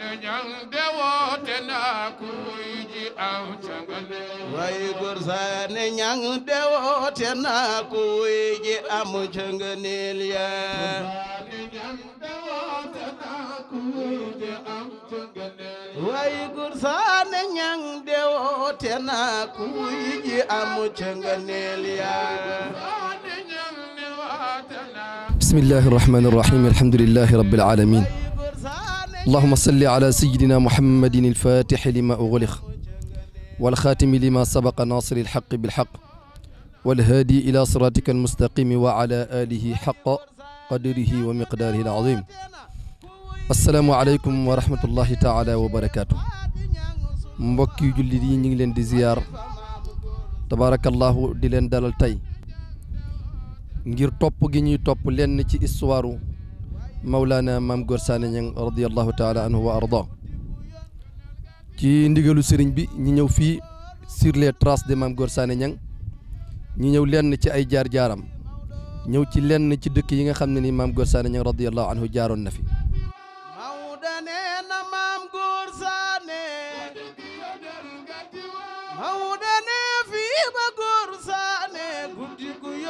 ñang de way góor saane ñang de woote na ku am canganeel ya ñang de woote na ku اللهم صل على سيدنا محمد الفاتح لما أغلق والخاتم لما سبق ناصر الحق بالحق والهادي إلى صراطك المستقيم وعلى آله حق قدره ومقداره العظيم السلام عليكم ورحمة الله تعالى وبركاته مبكي جلدي نجلن زيار تبارك الله دلن دلالتاي نجير طوب جيني طوب لن نجي إسوارو Mawlana Maam Gor Sané Niang taala anhu wa arda ci ndigalu sëriñ bi ñi ñëw fii sur les traces de Maam Gor Sané ñi ñëw lenn ci ay jaar-jaaram ñëw ci lenn ci dëkk yi nga xam ne ni Maam Gor Sané Niang jaaroon na fi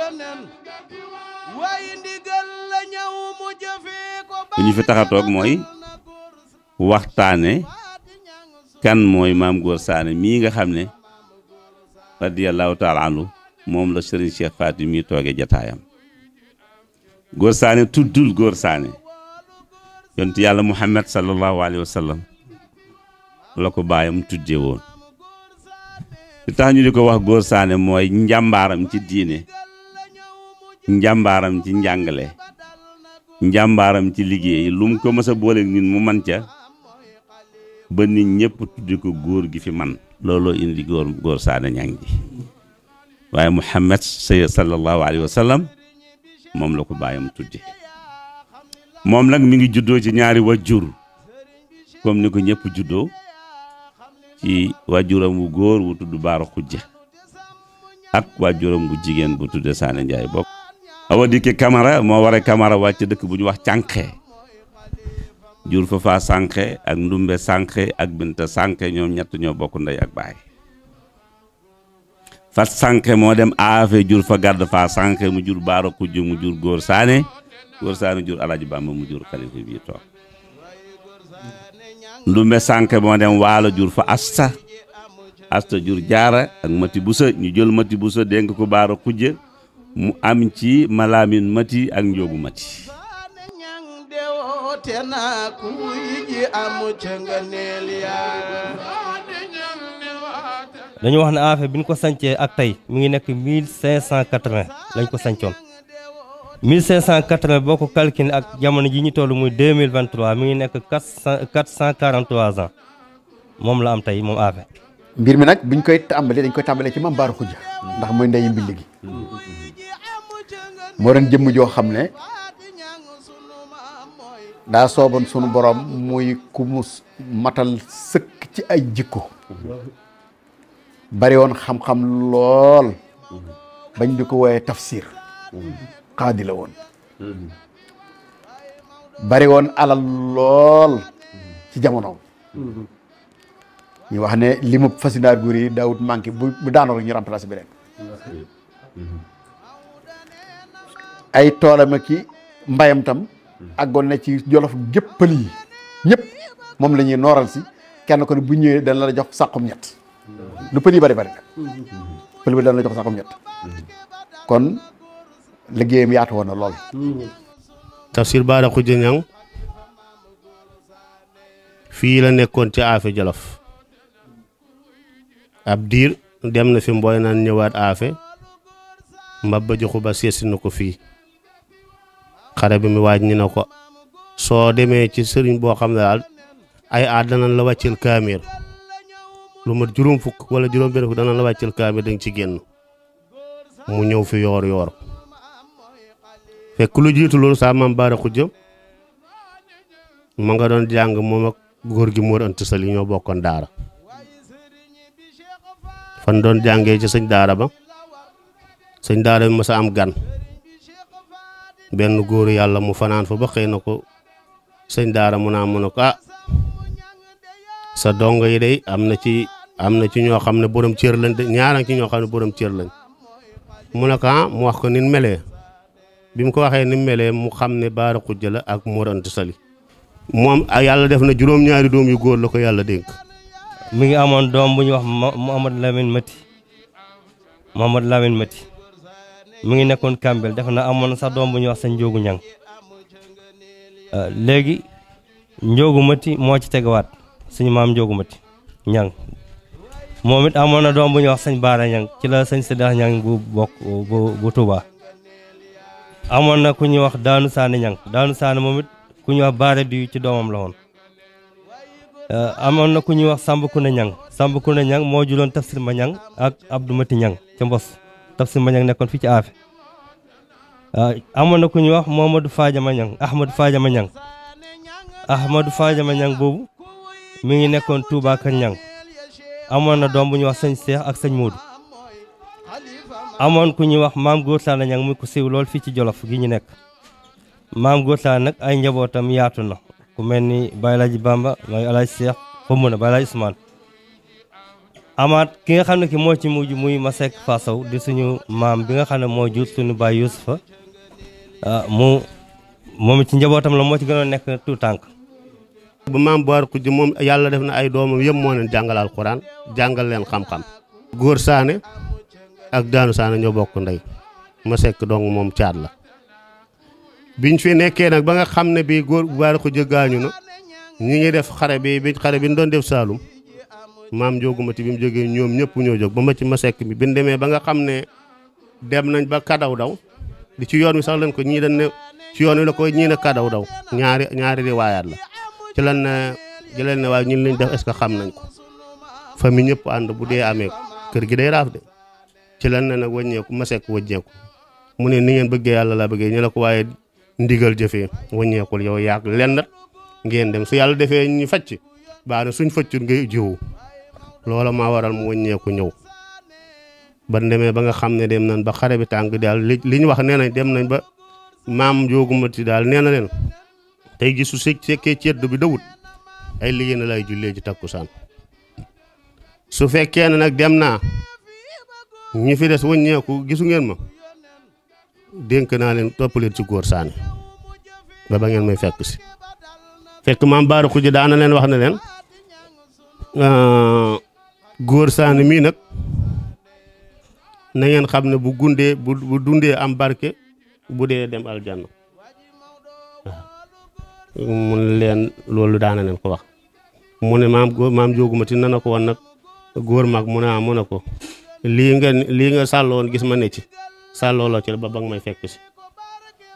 yonen waaye la ñëw mu jëfee ko li ñu fi tax a toog mooy waxtaane kan mooy maam góor saane mii nga xam ne radiyallahu taala anhu moom la sëriñ Cheikh Faty mii tooge jataayam góor saane tuddul góor saane yontu yàlla muhammad sallallahu alayhi wa la ko baayam tudde woon li tax ñu di ko wax góor saane mooy njàmbaaram ci diine njambaram ci njangalé njambaram ci liggéey lum ko mësa bolé ñun mu man ca ba nit ñepp tuddi ko goor gi fi man lolo indi goor goor saane ñang ji muhammad sallallahu alaihi wasallam mom la ko bayam tuddi mom nak mi ngi juddo ci ñaari wajur comme ni ko ñëpp ci wajuram wu goor wu tuddu barakhu ak wajuram bu jigen bu tudde saane awa dikke Camara moo waree Camara wàcc dëkk bu ñu wax cànqe jur fa faa sànqe ak ndumbe sànqe ak binta sànqe ñoom ñett ñoo bokk ndey ak baay fat sànqe moo dem aafe jur fa gàdd faa sànqe mu jur baaro kujj mu jur góor saane góor saane jur alaaji Bamba mu jur xalifa bii toog ndumbe sànqe moo dem waalo jur fa asta asta jur jaara ak mati busa ñu jël mati busa dénk ko baaro kujj mu am ci malaamin mati ak njóobu mati te dañu wax ne affaire bi ñu ko sancee ak tey mu ngi nekk 1580 lañ ko sancoon 1580 boo ko calculé ak jamono ji ñu toll muy 2023 mi ngi nekk 400 443 ans moom la am tey moom affaire. mbir mi nag buñ koy tàmbalee dañ koy tàmbalee ci Mame Bara Khoudia ndax mooy ndeyu mbind gi moo doon jëmm joo xam ne daa sooban sunu boroom muy ku matal sëkk ci ay jikko bari woon xam-xam lool bañ di ko wooyee tafsir xaadi woon bari woon alal lool ci jamonoom ñu wax ne li mu fasindaar guur yi daawut manqué bu daanoo rek ñu bi beneen ay toolam ak i mbayam tam àggoon na ci jolof géppal yi ñépp moom lañuy nooral si kenn ko ne bu ñëwee dana la jox sàqum ñett lu pël yi bari bari nag pël bi dana la jox sàqum ñett kon liggéeyam yaatu woon na lool Tafsir Bara Khoudia Niang fii la nekkoon ci aafe jolof ab diir dem na fi mbooy naan ñëwaat aafe mbabba joxu ba seesi na ko fii xare bi mu waaj ni na ko soo demee ci sëriñ boo xam ne daal ay aat danañ la wàccil kaamir lu mët juróom fukk wala juróom benn fukk danañ la wàccil kaamir dañ ci génn mu ñëw fi yoor yoor fekk lu jiitu loolu saa maam baara xujja ma nga doon jàng moom ak góor gi Mor Anta Sali ñoo bokkoon daara fan doon jàngee ci sëñ daara ba sëñ daara bi masa am gan benn góor yàlla mu fanaan fa ba xëy na ko sëñ daara mu naa mu ne ah, sa dongo yi day am na ci am na ci ñoo xam ne borom cër lañ de ñaara ci ñoo xam ne borom cër lañ mu ne ko ah, mu wax ko ni mu melee bi mu ko waxee ni mu mu xam ne baara xujja ak ak Mor Anta Sali moom ah, yàlla def na juróom-ñaari doom yu góor la ko yàlla dénk. mi ngi amoon doom bu ñu wax Mouhamad Lamine Mati Mouhamad Lamine Mati. mi ngi nekkoon Kambel defe na amoon na sax doom bu ñuy wax sañ Njóogu Ñang euh, léegi Njóogu Mati moo ci teguwaat suñu maam Njóogu Mati Ñang moom it amoon na doom bu ñuy wax sañ Baara Ñang ci la sañ Sédax Ñang bu bokk bu bu Touba amoon na ku ñuy wax Daanu Saane Ñang Daanu Saane moom it ku ñuy wax Baara di ci doomam la woon euh, amoon na ku ñuy wax Samb Koune Ñang Samb Koune Ñang moo juloon Tafsir Ma Ñang ak Abdou Mati Ñang ca Mbos Tafsir Mañang nekkoon fii ci Affé ah, amoon na ku ñuy wax Mohamadou Fadja Mañang Ahmadou Fadja Mañang Ahmadou Fadja Mañang boobu mi ngi nekkoon Touba Kañang amoon na doom bu ñuy wax sëñ Cheikh ak sëñ Modou amoon ku ñuy wax maam Góor Sall Ñang muy lool fii ci Jolof gi ñu nekk maam Góor Sall ay njabootam yaatu na ku mel ni Baye Laaji Bamba mooy Alaaji Cheikh xumb na Baye amaat ki nga xam ne ki moo ci mujj muy Masek Fasaw di suñu maam bi nga xam ne moo jur suñu baay Yuusufa ah, mu moom ci njabootam la moo ci gën a nekk tout tànk bu maam Boar Kujj moom yàlla def na ay doomam yëpp moo leen jàngal alxuraan jàngal leen xam-xam góor saane ak daanu saane ñoo bokk ndey Masek dong moom caat la biñ fi nekkee nag ba nga xam ne bii góor bu Boar Kujj gaañu na ñu ngi def xare bi biñ xare bi ñu doon def Saalum maam njóogumati bi mu jógee ñoom ñëpp ñoo jóg ba ma ci ma sekk mi bi ñu ba nga xam ne dem nañ ba kadaw daw li ci yoon wi sax lañ ko ñii dañ ne ci yoon wi la ko ñii ne kadaw daw ñaari ñaari riwaayaat la ci lan ne jëleel ne waaye ñun liñ def est xam nañ ko mi ñëpp ànd bu dee amee ko kër gi day raaf de ci lan ne nag wàññeeku ma sekk wàññeeku mu ne ni ngeen bëggee yàlla laa bëggee ñu la ko waaye ndigal jëfee wàññeekul yow yàgg lenn ngeen dem su yàlla defee ñu facc baa na suñ fëccul ngay jiwu loola maa waral mu wëññeeku ñëw ba demee ba nga xam ne dem nañ ba xare bi tàng daal li wax nee nañ dem nañ ba maam jógumati daal nee na leen tey ji su fekkee cedd bi dawut ay liggéey na lay jullee ji takkusaan su fekkee ne nag dem naa ñi fi des wëññeeku gisu ngeen ma dénk naa leen topp leen ci góor saani ba ba ngeen may fekk si fekk maam Baara Xuji daana leen wax na leen euh, góor saani mii nag na ngeen xam ne bu gundee bu dundee am barke bu dee dem aljanna waaw mun leen loolu daana leen ko wax mu ne maam góor maam jóguma ti nana ko woon nag góor mag mu ne ah mu ne ko lii nga lii nga sàlloon gis ma ne ci sàlloo la ci ba ba nga may fekk si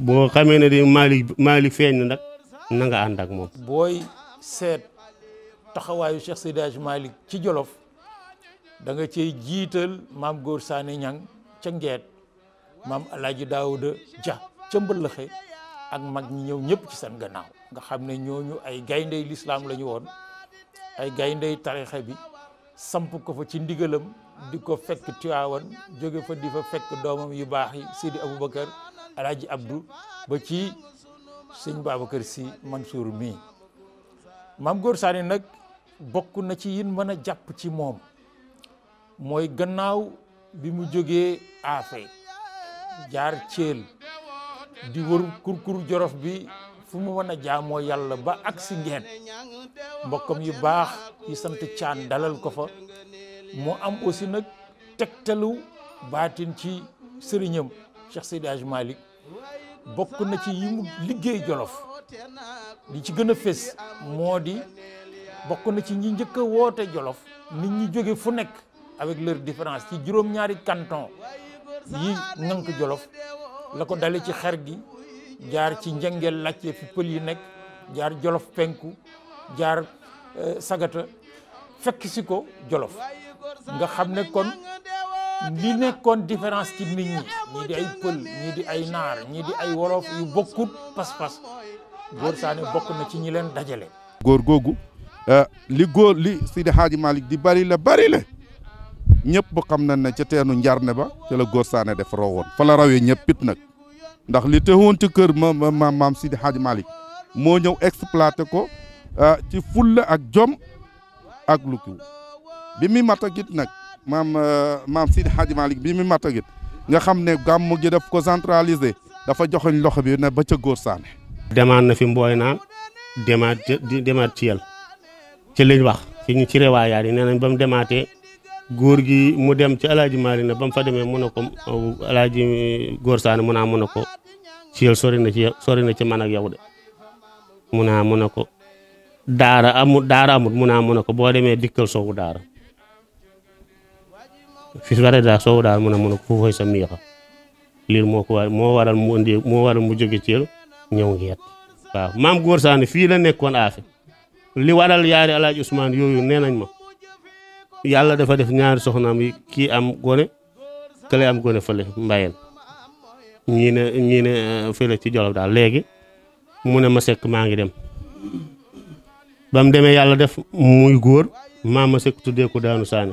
boo xamee ne di maali maali feeñ na nag na nga moom booy seet taxawaayu Cheikh Seydi Hadji ci Jolof da nga cey jiital maam góor saane ñang ca ngeet maam alaaji daawuda ja ca mbëllëxe ak mag ñi ñëw ñëpp ci seen gannaaw nga xam ne ñooñu ay gayndey lislaam lañu woon ay gayndey tarixa bi samp ko fa ci ndigalam di ko fekk Tiwaawan jóge fa di fa fekk doomam yu baax yi Sidi Aboubacar alaaji Abdou ba ci sëñ Babacar si Mansour mii maam góor saane nag bokk na ci yin mën a jàpp ci moom mooy gannaaw bi mu jógee aafe jaar ceel di wër kurkur jorof bi fu mu mën a jaamoo yàlla ba ak si ngeen mbokkam yu baax yi sant caan dalal ko fa mu am aussi nag tegtalu baatin ci sëriñam Cheikh Seydi Hadj bokk na ci yi mu liggéey jolof li ci gën a fés moo di bokk na ci ñi njëkk a woote jolof nit ñi jóge fu nekk avec leur différence ci juróom-ñaari canton yi ngànk jolof la ko dale ci xer gi jaar ci njëngeel làcce fi pël yi nekk jaar jolof penku jaar euh, sagata fekk si ko jolof nga xam ne kon li nekkoon différence ci nit ñi ñii di ay pël ñii di ay naar ñii di ay wolof yu bokkut pas-pas góor saane bokk na ci ñi leen dajale góor googu euh, li góor li Seydi Hadji Malick di bari la bari la ñëpp xam na ne ca teenu njarne ba ca la góor saane def rawoon fa la rawee ñëpp it nag ndax li teewoon ci kër ma ma maam Sidi Hadj malik moo ñëw exploité ko ah, ci fulla ak jom ak lu kiw bi muy matagit nag maam ah, maam Sidi Hadj Malick bi muy matagit nga xam ne gàmm gi daf ko centralisé dafa joxoñ loxo bi ne ba ca góor saane demaat na fi mbooy naa demaat demaat ci yel ci liñ wax fi ñu ci rewaayaat yi nee ba mu demaatee góor gi mu dem ci alaaji Maalik na ba mu fa demee mu ne ko alaaji góor saane mu naa ah, mu ne ko ci na ci sori na ci man ak yow de mu naa ah, mu ne ko daara amut daara amut mu naa ah, mu ne ko boo demee dikkal soowu daara fi ware daa soowu daara mu ne mu ne ko foofu sa moo ko waral mu indi moo waral mu jóge Thiel ñëw ngeet waaw maam góor saane fii la nekkoon aafe li waral yaari alaaji Ousmane yooyu nee nañ ma yàlla dafa def ñaari soxnaam yi kii am gone kële am gone fële mbayeen ñii ne ñii euh, fële ci Jolof daal léegi mu ne ma sekk maa ngi dem ba demee yàlla def muy góor maa ma sekk tuddee ko daanu saani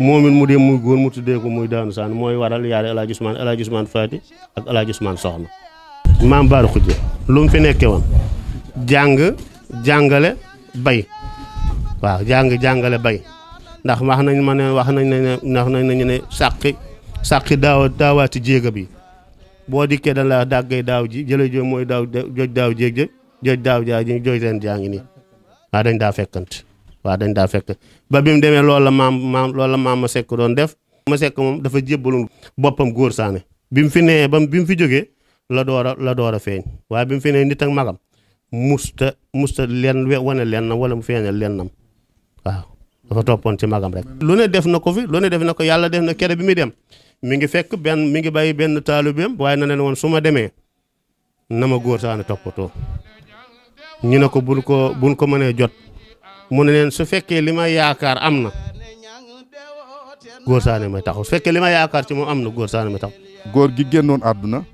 moo it mu dem muy góor mu tuddeeku muy daanu saani mooy waral yaari El Hadj Ousmane El Hadj Ousmane ak El Hadj Ousmane Soxna. maam Baara Khoudia lum mu fi nekkee woon jàng jàngale bay waaw jàng jàngale bay. ndax wax nañ ma ne wax nañ ne wax nañ nañu ne sàqi sàqi daaw daawaati jéega bi boo dikkee dañ la dàggay daaw ji jëla jo mooy daaw joj daaw jéeg jë joj daaw jaa ji joj ren jaa ngi nii waaw dañ daa fekkant waaw dañ daa fekk ba bi mu demee loolu la maam maam loolu la maam ma sekk doon def ma sekk moom dafa jébbalu boppam góor saane bi mu fi nee ba bi mu fi jógee la door la door a feeñ waaye bi mu fi nee nit ak magam musta musta leen wane leen nam wala mu feeñal leen nam waaw dafa toppoon ci magam rek. lu ne def na ko fi lu ne def na ko yàlla def na kere bi muy dem mi ngi fekk benn mi ngi bàyyi benn taalibeem waaye na leen woon suma demee na ma góor saane toppatoo ñu ne ko bul ko buñ ko mënee jot mu ne leen su fekkee li ma yaakaar am na góor saane may taxaw su fekkee li ma yaakaar ci moom am na góor saane may taxaw. góor gi génnoon àdduna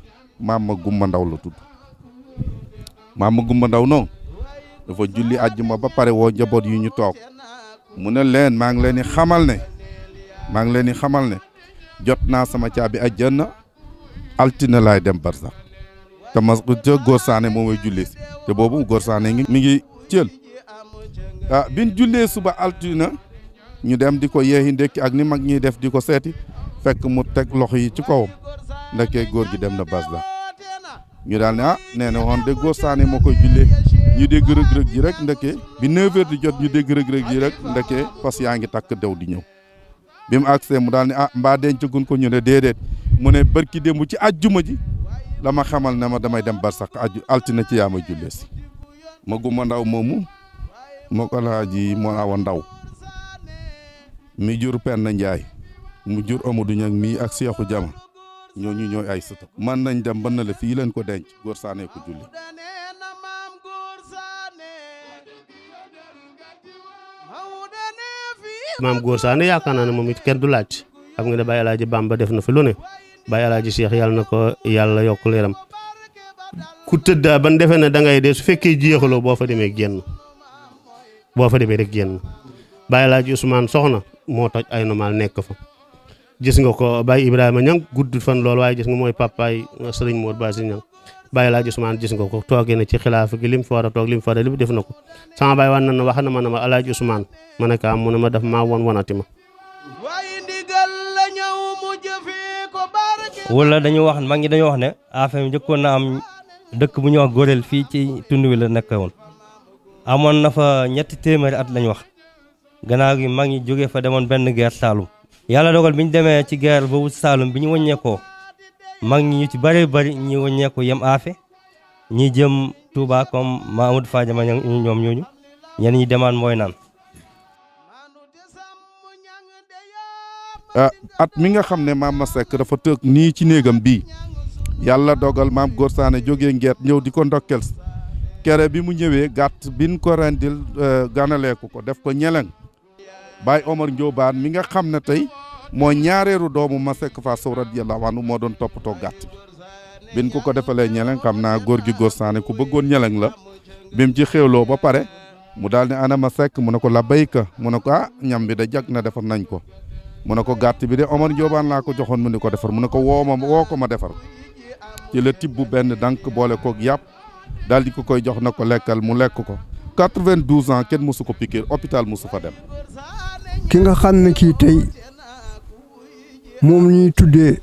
maam ma gumba ndaw la tudd maam ma gumba ndaw noonu dafa julli àjjuma ba woo njaboot ñu toog. mu ne leen maa ngi leen di xamal ne maa ngi leen di xamal ne jot naa sama caabi àjjana altine laay dem barsax te ma te góor saane moo may jullee si te boobu góor saane ngi mi ngi cël bi ah, biñ jullee suba altine ñu dem di ko yeexi ndékki ak ni mag ñuy def di ko seeti fekk mu teg loxo yi ci kawam ndekee góor gi dem na barsax ñu dal na néna won de góor mo koy julé ñu dégg rek rek ji rek ndeke bi 9 h di jot ñu dégg rek rek ji rek ndeke pass yaangi tak dew di ñew bi mu mu dal ni ah mbaa dencagun ko ñu né dédé mu né barki dembu ci aljuma ji lama xamal ma damay dem sax altina ci yaa julé ci ma guma ndaw laaji na won ndaw mi jur pen ndjay mu jur amadou ñag mi ak cheikhou ya jama Nyonyo ñoy ay sëta man nañ dem ban na la fi leen ko denc gor saane ko julli mam gor saane yakana na momit du lacc xam nga Alaaji Bamba def na fi lu ne Baye Alaaji Cheikh yalla nako yalla yok leeram ku tëddaa ban defee na da ngay dee fekke fekkee bo fa demee genn bo fa demee rek genn Baye Alaaji Ousmane soxna mo toj ay normal nek fa gis nga ko Baye Ibrahima Niang gudd fan lool waaye gis nga mooy papaay Serigne Mor Basi Niang Baye Laaj Ousmane gis nga ko toogee na ci xilaafa gi lim fa war a toog lim fa war a def na ko sama baay wan na wax na ma ne ma Alaaji Ousmane ma ne ko am ah, mu ne ma daf maa won wonati ma. wala dañu wax maa ngi dañu wax ne affaire njëkkoon na am dëkk bu ñuy wax góoreel fii ci tund wi la nekk woon amoon na fa ñetti téeméeri at lañu wax gannaaw gi maa ngi jógee fa demoon benn guerre yàlla dogal bi ñu demee ci guerre boobu wut Saalum bi ñu wàññeekoo mag ñi ñu ci bëree bëri ñi wàññeeku yem aafe ñi jëm Touba comme Mahmoud Fadiama ñoom ñooñu ñenn ñi demaan mooy naan. Ah, at mi nga xam ne maam ma Seck dafa tëg nii ci néegam bii yàlla dogal maam Góor Saane jógee ngeet ñëw di ko ndokkel kere bi mu ñëwee gàtt bin ko rendil eh, ganaleeku ko def ko ñeleng Baye Omar Ndiobane mi nga xam ne tey moo ñaareeru doomu Masek Fasow radiyallahu anhu moo doon toppatoo gàtt bi bin ku ko defalee ñeleng xam naa góor gi góor saane ku bëggoon ñeleng la bim ji xéwloo ba pare mu daldi ne ma sekk mu ne ko ka mu ne ko ah ñam bi da jag na defar nañ ko mu ne ko gàtt bi de Omar Ndiobane laa ko joxoon mu ni ko defar mu ne ko woo ma woo ko ma defar ci la tibb benn dank boole koog yàpp daal di ko koy jox na ko lekkal mu lekk ko 92 ans kenn mosu ko piqué hôpital mosu fa dem ki nga xam ne kii tey moom ñuy tuddee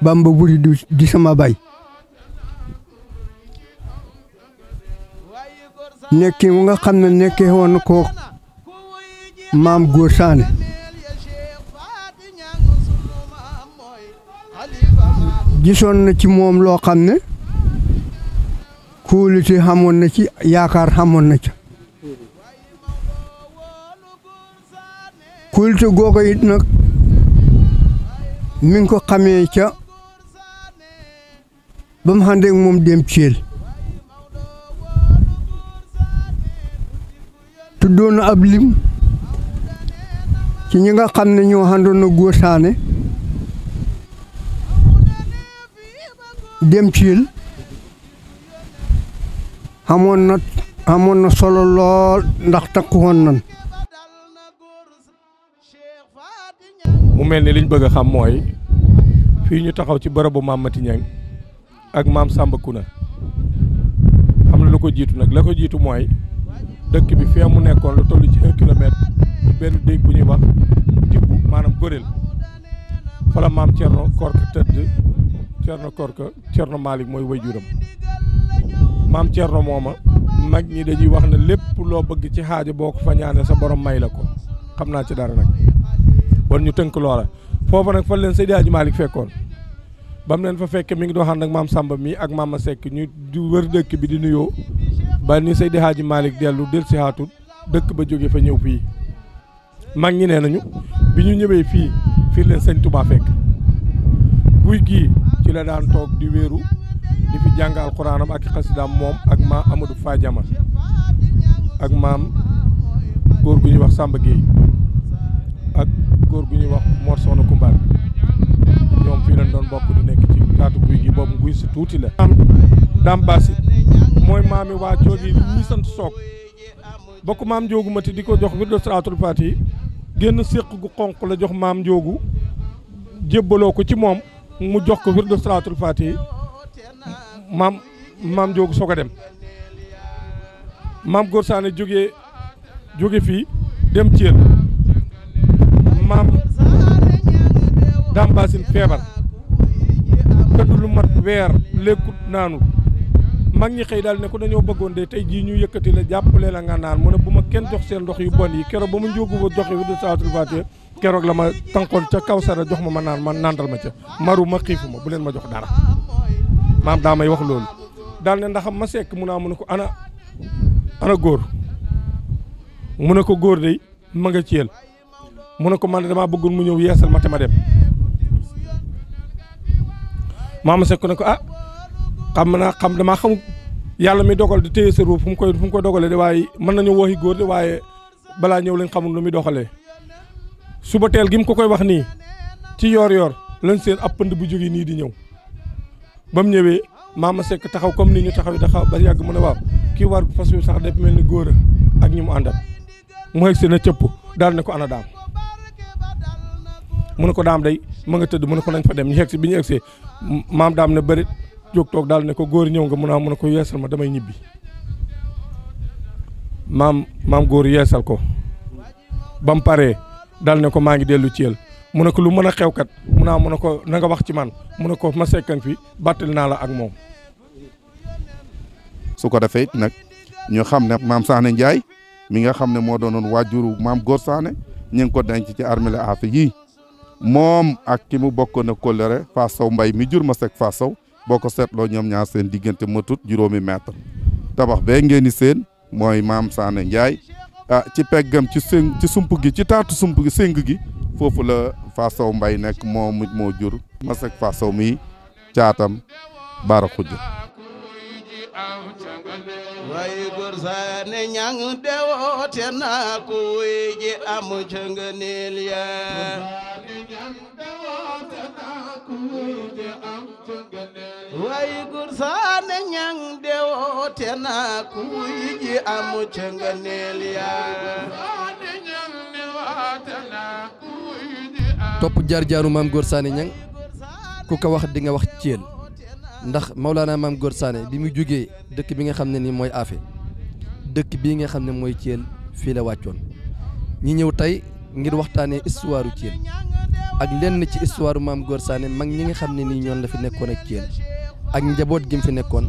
Bamba Buri di sama bay nekki mu nga xam ne nekkee woon ko maam góor saane gisoon na ci moom loo xam ne kóolute xamoon na ci yaakaar xamoon na ci kulte googu it nag mi ngi ko xamee ca ba mu xàndeeg moom dem Thiel tuddoon na ab lim ci ñi nga xam ne ñoo xàndoon na góor saane dem Thiel xamoon na xamoon na solo lool ndax takku woon mu mel ni liñ bëgg xam mooy fii ñu taxaw ci bërëbu maam Mati ak maam Sàmba Kuna xam na lu ko jiitu nag la ko jiitu mooy dëkk bi fee mu nekkoon lu toll ci un kilomètre benn déeg bu ñuy wax tibb maanaam góréel fala maam Cerno Korka tëdd Cerno Korka Cerno Malick mooy wajuram maam Cerno mooma mag ñi dañuy wax ne lépp loo bëgg ci xaaja boo ko fa ñaane sa borom may la ko xam naa ci dara nag war ñu tënk loola foofu nag fan leen Seydi Hadji Malick fekkoon ba leen fa fekkee mi ngi doon xam ak maam Samba mi ak maama Seck ñu di wër dëkk bi di nuyoo ba ni Seydi Hadji Malick dellu del si dëkk ba jóge fa ñëw fii mag ñi nee nañu bi ñu ñëwee fii fii leen sëñ fekk buy gii ci la daan toog di wéeru di fi alxuraanam ak xasidaam moom ak maam Amadou Fadiama ak maam góor bi ñuy wax Samba Gueye góor gu ñuy wax Mor Soxna Kumbaar ñoom fii lañ doon bokk di nekk ci taatu guy gi boobu guy si tuuti la. am daam baasi mooy maami waa jooju yi ñu sant soog bokk maam Njoogu Mati di ko jox wirdu Salaatul Faatihi génn séq gu xonq la jox maam Njoogu jébbaloo ko ci moom mu jox ko wirdu Salaatul Faatihi maam maam Njoogu soog a maam Góor Saane jógee jóge fii dem Thiel. dàmbaasin feebar tëdd lu mat weer lekkut naanut mag ñi xëy daal ne ko dañoo bëggoon de tey jii ñu yëkkati la jàppale la nga naan mu ne bu ma kenn jox seen ndox yu bon yi keroog ba mu njóogu ba joxe wi de saatul faatiha keroog la ma tànkoon ca kaw sara jox ma ma naan ma nàndal ma ca maru ma xiifu ma bu leen ma jox dara maam daa may wax loolu daal ne ndaxam ma sekk mun naa mu a ko ana ana góor mu ne ko góor de ma nga ciyel mu ne ko man damaa bëggul mu ñëw yeesal ma te ma dem maama sekk ne ko ah xam naa xam damaa xamul yàlla mi dogal di téye sa fum fu mu koy fu koy dogalee de waaye mën nañu waxi góor de waaye balaa ñëw lañ xamul lu muy doxalee suba teel gi mu ko koy wax nii ci yoor-yoor lañ seen ab pënd bu jógee nii di ñëw ba mu ñëwee maama sekk taxaw comme nii ñu taxaw taxaw ba yàgg mu ne waaw kii war fas wi sax def mel ni góor ak ñu mu àndal mu egg seen a cëpp daal ne ko ana daam mu ne ko daam day ma nga tëdd mu ne ko nañ fa dem ñu yegg bi ñu yegg maam daam ne bëri jóg toog daal ne ko góor ñëw nga mun a mun a ko yeesal ma damay ñibbi maam maam góor yeesal ko ba mu paree daal ne ko maa ngi dellu Thiel mu ne ko lu mën a xew kat mun naa mun a ko na nga wax ci man mu ne ko ma sekkan fi bàttali naa la ak moom. su ko defee it nag ñu xam ne maam Saane Ndiaye mi nga xam ne moo doonoon waajuru maam Góor Saane ñu ngi ko denc ci armée la afe moom ak ki mu bokk na kóllëre Fass Sow mbay mi jur ma sek Fass Sow boo ko seetloo ñoom ñaar seen diggante matut juróomi mètre tabax bee ngeen di seen mooy maam Saane Ndiaye ah ci peggam ci sëng ci sump gi ci taat sump gi sëng gi foofu la Fass mbay nekk moom moo jur masek sek mi caatam baara xujj way gursane ñang dewote na ko weji am canganel am canganel ya topp jaar jaaru maam Goor Sané Niang ku ko wax di wax Thiel ndax Maulana maam Góor Sané bi mu jógee dëkk bi nga xam ne nii mooy Afe dëkk bii nga xam ne mooy Thiel fii la wàccoon ñi ñëw tey ngir waxtaanee histoire u ak lenn ci histoire maam Góor Sané mag ñi nga xam ne nii ñoon la fi nekkoon ak Thiel ak njaboot gi mu fi nekkoon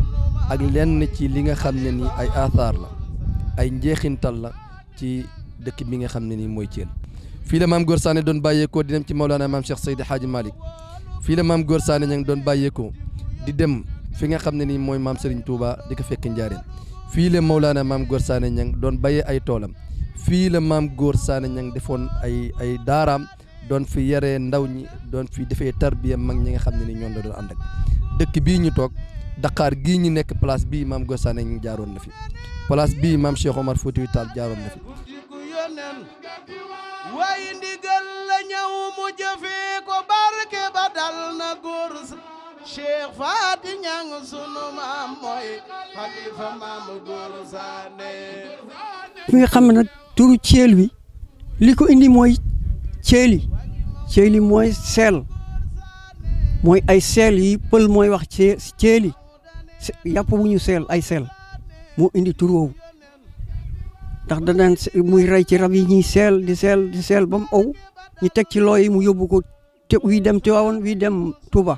ak lenn ci li nga xam ne nii ay aathaar la ay njeexintal la ci dëkk bi nga xam ne nii mooy Thiel. fii la maam Góor Sané doon bàyyeekoo di ci Maulana maam Cheikh Seydi Hadji fii la maam Góor Sané ña ngi doon bàyyeekoo. di dem fi nga xamne ni moy mam Serigne Touba di ko fekk Njaareem fi le Maulana mam gor sané Ñang don baye ay tolam fi le mam gor sané Ñang defoon ay ay daram don fi yaree ndaw ñi don fi defé tarbiya mag ñi nga xamne ni ñoom la doon andak ak dëkk bii ñu tok Dakar gi ñu nekk place bi mam gor sané Ñang jaaroon na fi place bi mam Cheikh Omar fouti tal jaaroon na fi. waaye ndigal la ñaw mu jëfé ko barké badal na gor cheikh Fadi Nyang sunu maam moy Khalifa maam góor saane bi nga xam ne turu ciel wi liko indi moy cieli cieli moy sel moy ay sel yi peul moy wax ceeli yàpp bu ñu seel ay sel mo indi turu woowu ndax danaan muy ray ci rab yi ñi sel di sel di sel bam aw ow ñu ci loy mu yóbbu ko te wi dem wawon wi dem Touba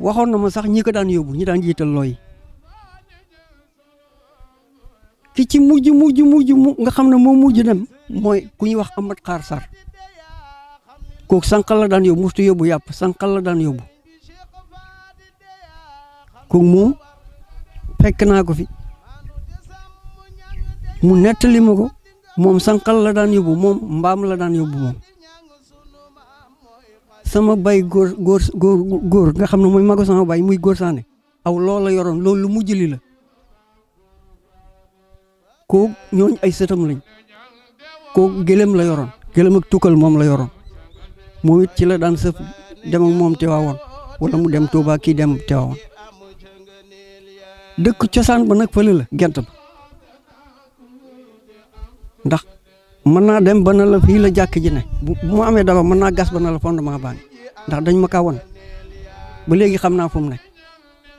waxoon na ma sax ñi ko daan yóbbu ñi daan jiital looy ki ci mujj mujj mujj nga xam ne moom mujj dem mooy ku ñuy wax Amat Xaar Sar kooku sànqal la daan yóbbu mustu yóbbu yàpp sànqal la daan yóbbu kooku moom fekk naa ko fi mu nettali ma ko moom sànqal la daan yóbbu moom mbaam la daan yóbbu moom sama bay góor góor góor nga xam ne mooy mago sama bay muy góor saane aw lool la yoroon loolu lu mujj li la koo ñooñ ay sëtam lañ koo gëlëm la yoroon gëlëm ak tukkal moom la yoroon moom it ci la daan sëf dem moom teewaawoon wala mu dem Touba kii dem teewaawoon dëkk cosaan ba nag fële la gent ba ndax mën naa dem ba na la fii la jàkk ji ne bu mu amee daba mën naa gas ba na la fondement baa ndax dañ ma kaa won ba léegi xam naa fu mu nekk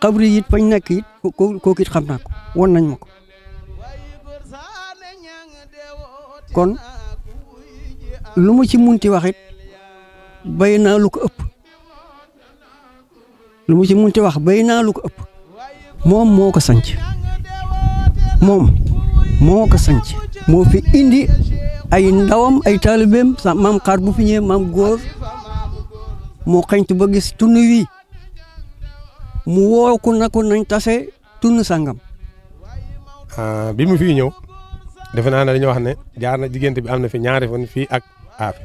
xabri it fañ nekk it ko it xam naa ko won nañ ma ko kon lu ma ci munti wax it bay naa lu ko ëpp lumu ci munti wax bay naa lu ko ëpp moom moo ko sanc moom moo ko moo fi indi ay ndawam ay taalibeem maam xaar bu fi ñëwee maam góor moo xañtu ba gis tund wi mu woo ko na ko nañ tase tund sangam. Ah, bi mu fii ñëw defe naa ne dañoo wax ne jaar na diggante bi am na fi ñaari fan fii ak aafe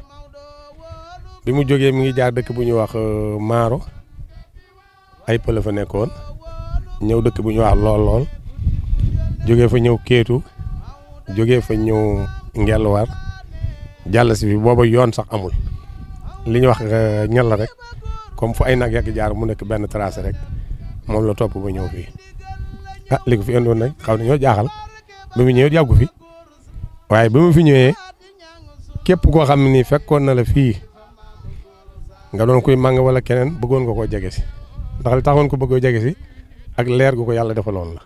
bi mu jógee mi ngi jaar dëkk bu ñuy wax euh, Maaro ay pël fa nekkoon ñëw dëkk bu ñuy wax lool lool. jóge fa ñëw Kéetu jóge fa ñëw Ngelwaar jàll si bi boobu yoon sax amul li ñu wax euh, ñal la rek comme fu ay nag yàgg jaar mu nekk benn tracé rek moom la topp ba ñëw fii ah li ko fi indoon nag xaw nañoo jaaxal ba mu ñëwee yàggu fi waaye bi mu fi ñëwee képp koo xam ne nii fekkoon na la fii nga doon kuy màng wala keneen bëggoon nga koo jege si ndax li taxoon ko bëggoo jege si ak leer gu ko yàlla defaloon la.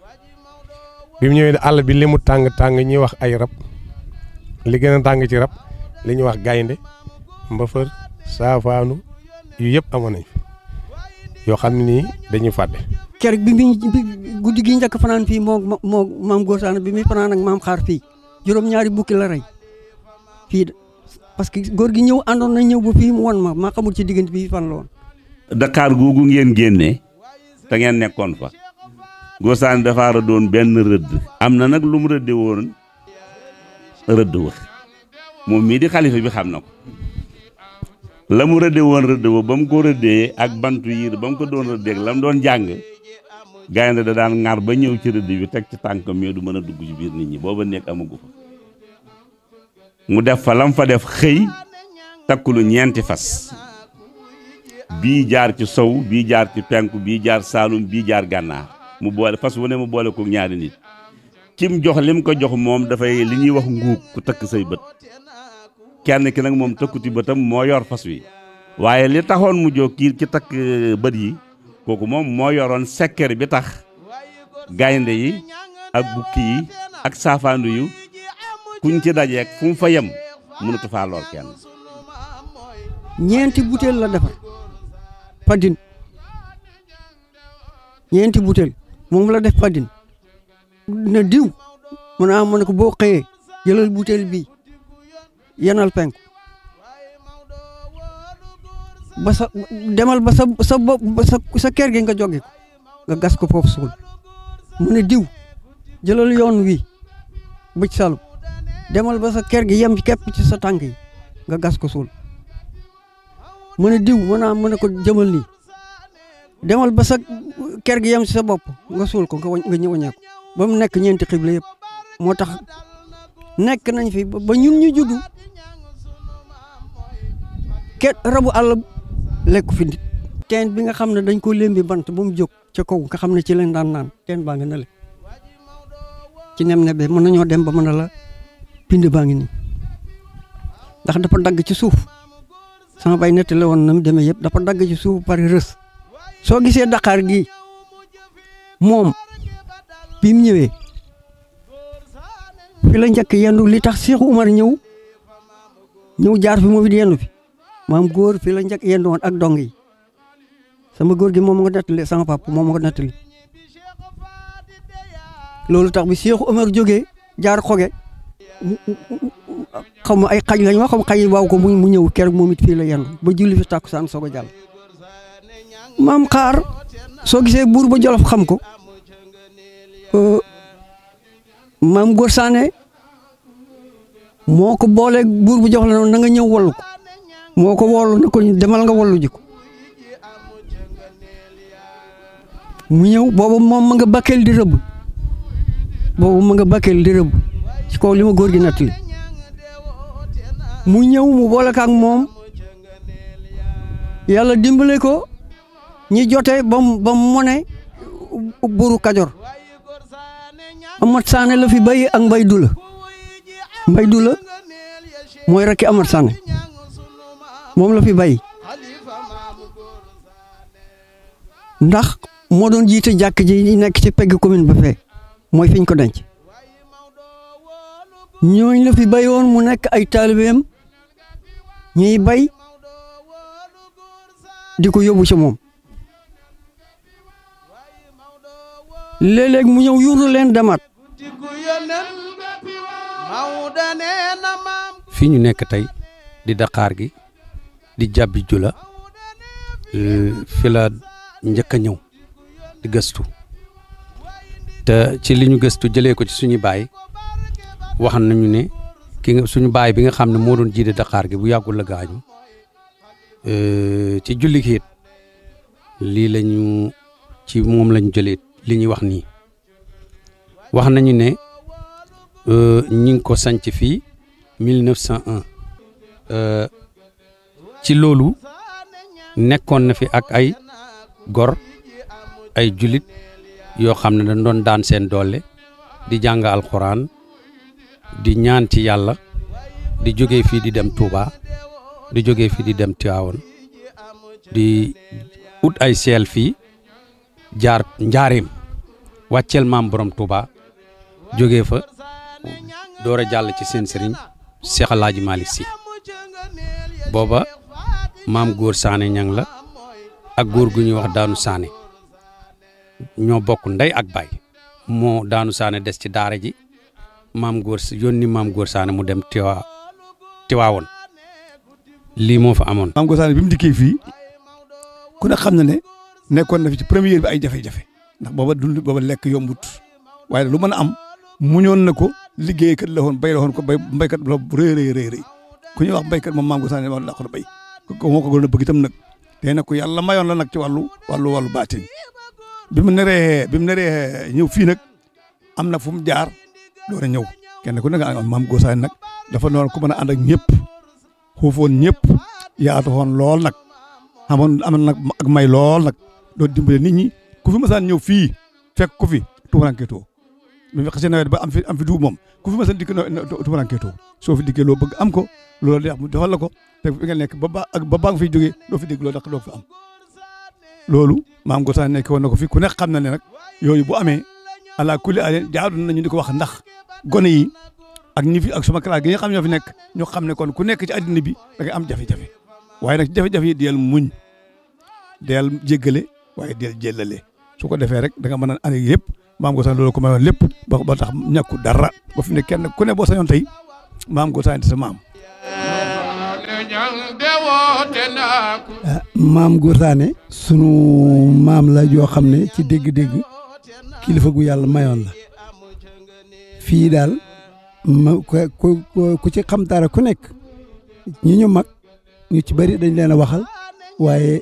bim ñëwé ñëwee bi limu tang tang ñi wax ay rab li gëna tang ci rab li ñu wax gaynde mbëfër safanu yu yëpp amoon yo xamni xam ne nii bi mi guddi gi ñëk fanan fi mo mo mam bi mi fanan ak mam xaar fi juroom ñaari bukki la ray fi parce que gor gi ñëw andon na ñëw bu fi mu won ma ma xamul ci digënt bi fan Dakar googu ngeen génne da ngeen nekkon fa. Góor Saane dafa rëddoon benn rëdd am na nag lu mu rëdde woon rëdd wa moom mii di xalifa bi xam na ko la mu rëdde woon rëdd wa ba mu ko rëddee ak bantu yiir ba mu ko doon rëddee ak la mu doon jàng gaynde da daan ŋaar ba ñëw ci rëdd bi teg ci tànkam mais du mën a dugg ci biir nit ñi booba nekk amagu fa mu def fa lam fa def xëy takkulu ñeenti fas bii jaar ci sow bii jaar ci penku bii jaar saalum bii jaar gànnaar mu boole fas wu ne mu boole ko ñaari nit kim jox lim ko jox moom dafay li ñuy wax nguug ku takk say bët kenn ki nag moom tëkkuti bëtam moo yor fas wi waaye li taxoon mu jóg kii ci takk euh, bët yi kooku moom moo yoroon sekker bi tax gaynde yi ak bukki ak saafaandu yi kuñ ci dajeek fu mu fa yem mënatu faa lor kenn ñeenti butéel la defar padin moom la def fadin ne diw mu ne ah mu ne ko boo xëyee jëlal butéel bi yanal penk ba demal ba sa sa kër gi nga joge nga gas ko foofu suul mu ne diw jëlal yoon wi bëj salum demal ba sa kër gi yem ci sa tànk yi nga gas ko suul mu ne diw mu ne ah, ko jëmal nii demal ba sa ker gi yam ci sa bop nga sul ko nga ñu ñak ba mu nekk ñeenti xibla yëpp moo nek nañ fi ba ñun ñu juddu ket rabu allah lek fi nit ten bi nga xamne ne dañ ko lembi bant bu mu jog ci ko nga xamne ci leen daan naan ten ba nga nele ci nem nebe be mën dem ba mën la pind ba ngi ni ndax dafa dag ci suuf sama bay nettali woon na mu dafa dag ci suuf soo gisee Dakar gi moom bi mu ñëwee fi la njëkk yendu li tax Cheikh Oumar ñëw ñëw jaar fi moo fi di yendu fi maam góor fi la njëkk yendu woon ak dong yi sama góor gi moom nga nettali sama papa moom nga nettali loolu tax bi Cheikh Oumar jógee jaar xoge xam ay xaj lañ wax xam xaj yi waaw ko mu ñëw keroog moom it fii la yendu ba julli fi tàkkusaan soog a jàll maam xaar soo gisee buur ba jolof xam ko euh, maam góor saane moo ko boole buur bu jox la noonu na ñëw wallu ko moo ko woolu na ko demal nga wallu ji ko mu ñëw boobu moom ma nga bakkeel di boobu ma nga bakkeel di rëbb ci kaw li ma góor gi nattali mu ñëw mu boole ak moom yàlla dimbale ko ñi jotee ba mu ba mu mone buuru Kajoor Amat Saane la fi béy ak mbay mbay du mooy rakki Amat Saane moom la fi bay ndax moo doon jiite jàkk ji nekk ci pegg commune ba fee mooy fiñ ko denc ñooñ la fi bayoon mu nekk ay taalibeem ñuy bay di ko yóbbu ci moom léeg mu ñëw yuuru leen demaat ñu nekk tey di Dakar gi di jàbbi jula fi la njëkk a ñëw di gëstu te ci li ñu gëstu jëlee ko ci suñu baay wax nañu ne ki nga suñu baay bi nga xam ne moo doon jiite Dakar gi bu yàggul la gaañu ci julli kiit lii lañu ci moom lañu jëlee li ñuy wax nii wax nañu ne euh, ñi ngi ko sanc fii 1901 euh, ci loolu nekkoon na fi ak ay gor ay julit yoo xam ne dañ doon daan seen doole di jàng alxuraan di ñaan ci yàlla di jóge fii di dem Touba di jóge fii di dem Tivaouane di ut ay seel fii jaar njaareem wàcceel maam borom Touba jógee fa door a jàll ci seen sëriñ Cheikh El Hadj booba maam góor Sané ñang la ak góor gu ñuy wax daanu Sané ñoo bokk ndey ak baay moo daanu Sané des ci daare ji maam góor yónni maam góor Sané mu dem Tiwa Tiwaawoon lii moo fa amoon. maam góor Sané bi mu dikkee fii ku ne xam na ne. nekkoon na ci première bi ay jafe-jafe ndax booba dund booba lekk yombut waaye lu mën a am muñoon na ko liggéeykat la woon bay la woon ko bay baykat la rëy rëy rëy ku ñuy wax moom maam Gosaane wax la ko bay ko moo a bëgg itam nag tey nag ko yàlla mayoon la nag ci wàllu wàllu wàllu baatin bi mu neree bi mu neree ñëw fii nag am na fu mu jaar door a ñëw kenn ku ne nga maam Gosaane nag dafa noonu ku mën a ànd ak ñëpp xuufoon ñëpp yaatu woon lool nag amoon amoon ak may lool nag doon dimbale nit ñi ku fi masaan ñëw fii fekk ku fi tumarankeetoo bu ñu xasee nawet ba am fi am fi dugub moom ku fi masaan dikk tumarankeetoo soo fi dikkee loo bëgg am ko loolu day mu defal ko te fi nga nekk ba ba ak ba baa fiy jógee doo fi dégg loolu ndax doo fi am loolu maam Gosaane nekk woon na ko fi ku nekk xam na ne nag yooyu boo amee ala kulli aleen jaadu nañu di ko wax ndax gone yi ak ñi fi ak suma classe gi nga xam ñoo fi nekk ñu xam ne kon ku nekk ci àddina bi da am jafe-jafe waaye nag jafe-jafe yi deel muñ deel jéggale waaye del jëlale su ko defee rek danga nga mën a année yëpp maam Gosaane loolu ko mayoon lépp ba ba tax ñàkku dara ba fi ne kenn ku ne boo sañoon tey maam Gosaane sa maam. Ah, maam Gosaane sunu maam la yoo xam ne ci dégg-dégg kilifa gu yàlla mayoon la fii daal ma ku ci xam dara ku nekk ñi ñu mag ñu ci bari dañ leen a waxal waaye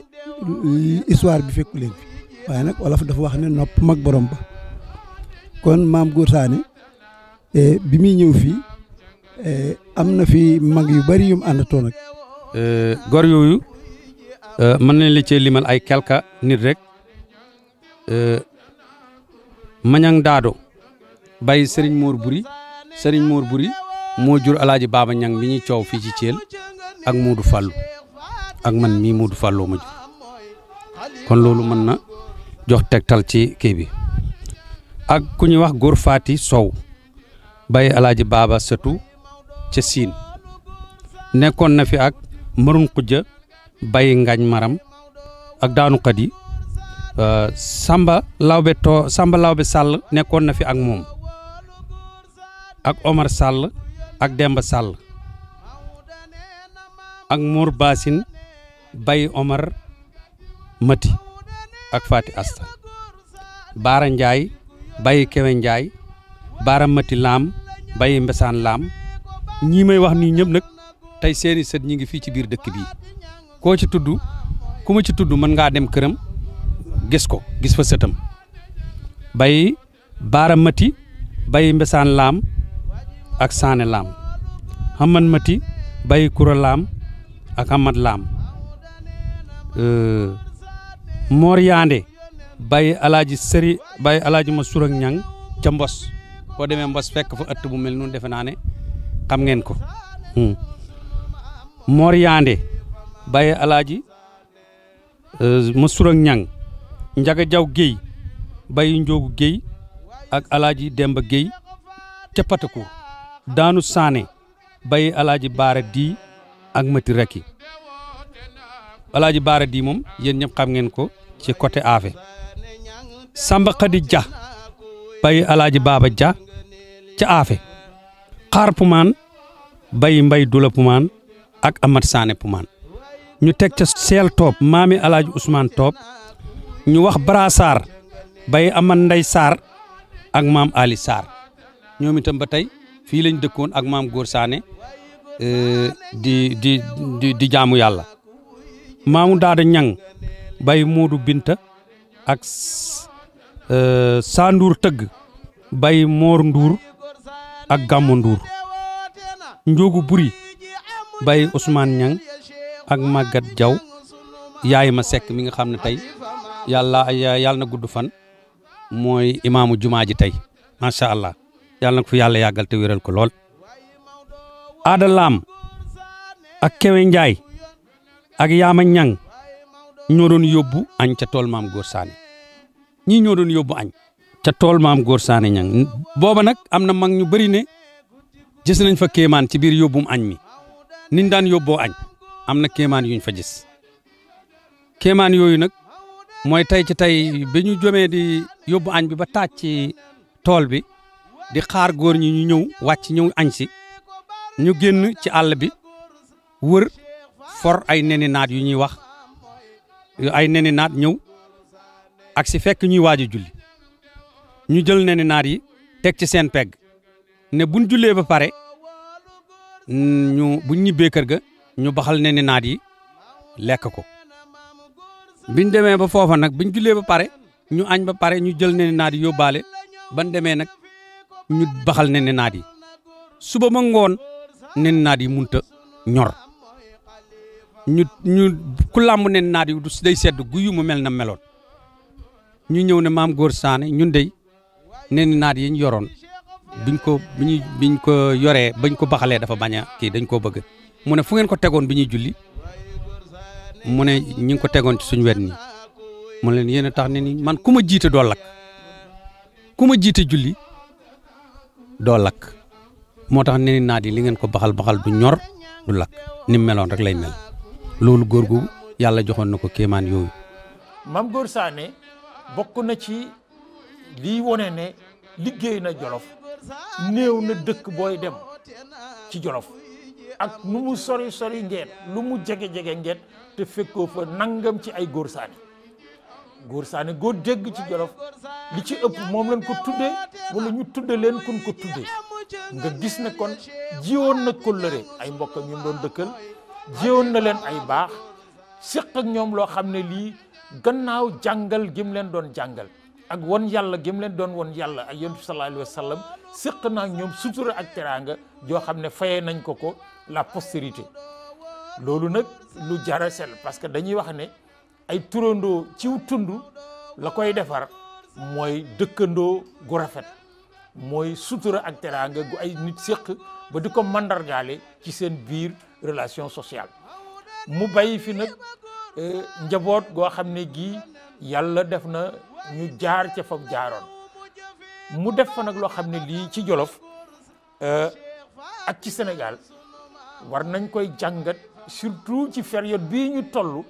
histoire bi fekku fi waaye nag wolof dafa wax ne nopp mag borom ba kon maam Góor Saane eh, bi muy ñëw fii eh, am na fi mag yu bari yum àndatoo nag eh, gor yooyu mën nañ la cee limal ay kelka nit rek Mañang Daado bàyyi Serigne Mor Buri sëriñ Mor Buri moo jur alaaji Baaba ñaŋ mi ñuy coow fii ci Thiel ak Moodu Fàllu ak man mii Moodu Fàlloo ma jur kon lolu man na jox tektal ci kii bi ak ku wax gor fati sow bay alaji baba sëtu ca siin nekkoon na fi ak marun xujja baye ngañ maram ak daanu qadi yi samba lawbe to samba lawbe besal nekkoon na fi ak mom ak omar sall ak demba sall ak mour basin bay omar Mati ak fati Asta bara njay Baye Kewe njay bara Mati Lam Baye Mbesaan Lam ñi may wax ni ñëpp nak tay seeni sët ñi ngi fi ci biir dekk bi ko ci tuddu kuma ci tuddu man nga dem kërëm gis ko gis fa sëtam Baye bara Mati Baye Mbesaan Lam ak sané Lam Hamad Mati Baye Kura Lam ak amad Lam. Mor Yaande bay alaaji sëri bàyyi alaaji ma sur ak ñang ca mbos boo demee mbos fekk fa ëtt bu mel noonu defe naa ne xam ngeen ko hmm. Mor Yaande bàyyi alaaji euh, ma sur ak ñang njaga jaw géy bàyyi njoogu géy ak alaaji demba géy ca daanu saane bay alaaji baara dii ak mati rekki alaaji baara di mom yen ñep xam ngeen ko ci côté Afe Samba Khady Dia bay alaji baba Dia ci Afe xaar bay mbay dula puman ak amad sané puman ñu tek ci sel top mami alaji Ousmane top ñu wax brassar bay amad ndey sar ak mam Ali sar ñoom itam batay fi lañ dëkkoon ak mam góor Saane euh, di di di di jaamu yalla maamu daada ñang bay muudu binta ak euh, saanduur tëgg bay moor nduur ak gàmmu nduur njoogu buri bay Ousmane ñang ak màggat jaw yaay ma sekk mi nga xam ne tey yàlla yàlla na gudd fan mooy imaamu jumaa ji tey macha allah yàlla na ko fi yàlla yàggal te wéral ko lool aada laam ak kewe ak yaama ñang ñoo doon yóbbu añ ca tool maam góor saane ñii ñoo doon yóbbu añ ca tool maam góor saane ñaŋ booba nag am na mag ñu bëri ne gis nañ fa kéemaan ci biir yóbbum añ mi niñ daan yóbboo añ am na kéemaan ñu fa gis kéemaan yooyu nag mooy tey ci tey bi ñu jomee di yóbbu añ bi ba taaj ci tool bi di xaar góor ñi ñu ñëw wàcc ñëw añ si ñu génn ci àll bi wër for ay neni naat yu ñuy wax ay neni naat ñëw ak si fekk ñuy waaj a julli ñu jël neni naat yi teg ci seen peg ne buñ ba pare ñu buñ ñibbee kër ga ñu baxal neni naat yi lekk ko biñ demee ba foofa nag biñ jullee ba pare ñu añ ba pare ñu jël neni naat yi yóbbaale ban demee nag ñu baxal neni naat yi suba ma ngoon neni naat yi munta ñor ñu ñu ku làmb ne naat yu day sedd guyu mu mel na meloon ñu ñëw ne maam góor saane ñun dey nee ni naat yi ñu yoroon biñ ko biñu biñ ko yoree bañ ko baxalee dafa bañ a kii dañ koo bëgg mu ne fu ngeen ko tegoon bi julli mu ne ñu ko tegoon ci suñu wet nii mu leen yéen tax ni man kuma ma jiite doo lakk ku julli doo lakk moo ne ni naat yi li ngeen ko baxal baxal du ñor du ni rek lay mel loolu góor gu yàlla joxoon na ko kéemaan yooyu. mam Gor Sané bokk na ci liy wone ne liggéey na Jolof néew na dëkk booy dem ci Jolof ak lu mu sori sori ngeen lu mu jege jege ngeen te fekkoo fa nangam ci ay Gor Sané Gor Sané goo dégg ci Jolof li ci ëpp moom lañ ko tuddee wala ñu tudde leen kun ko tuddee nga gis na kon jiwoon na kóllëre ay mbokkam yu mu doon dëkkal. jéewoon na leen ay baax séq ak ñoom loo xam ne lii gannaaw jàngal gim leen doon jàngal ak won yàlla gim leen doon won yàlla ay yonent bi sallallahu alayhi wa sallam ñoom sutura ak teraanga joo xam ne fayee nañ ko ko la postérité loolu nag lu jara sel parce que dañuy wax ne ay turandoo ciw tund la koy defar mooy dëkkandoo gu rafet mooy sutura ak teraanga gu ay nit séq ba di ko mandargaale ci seen biir relation sociale mu bay fi nag euh, njaboot goo xam ne gii yàlla def na ñu jaar ci fam jaaroon mu def fa nag loo xam ne lii ci Jolof euh, ak ci Sénégal war nañ koy jàngat surtout ci période bii ñu toll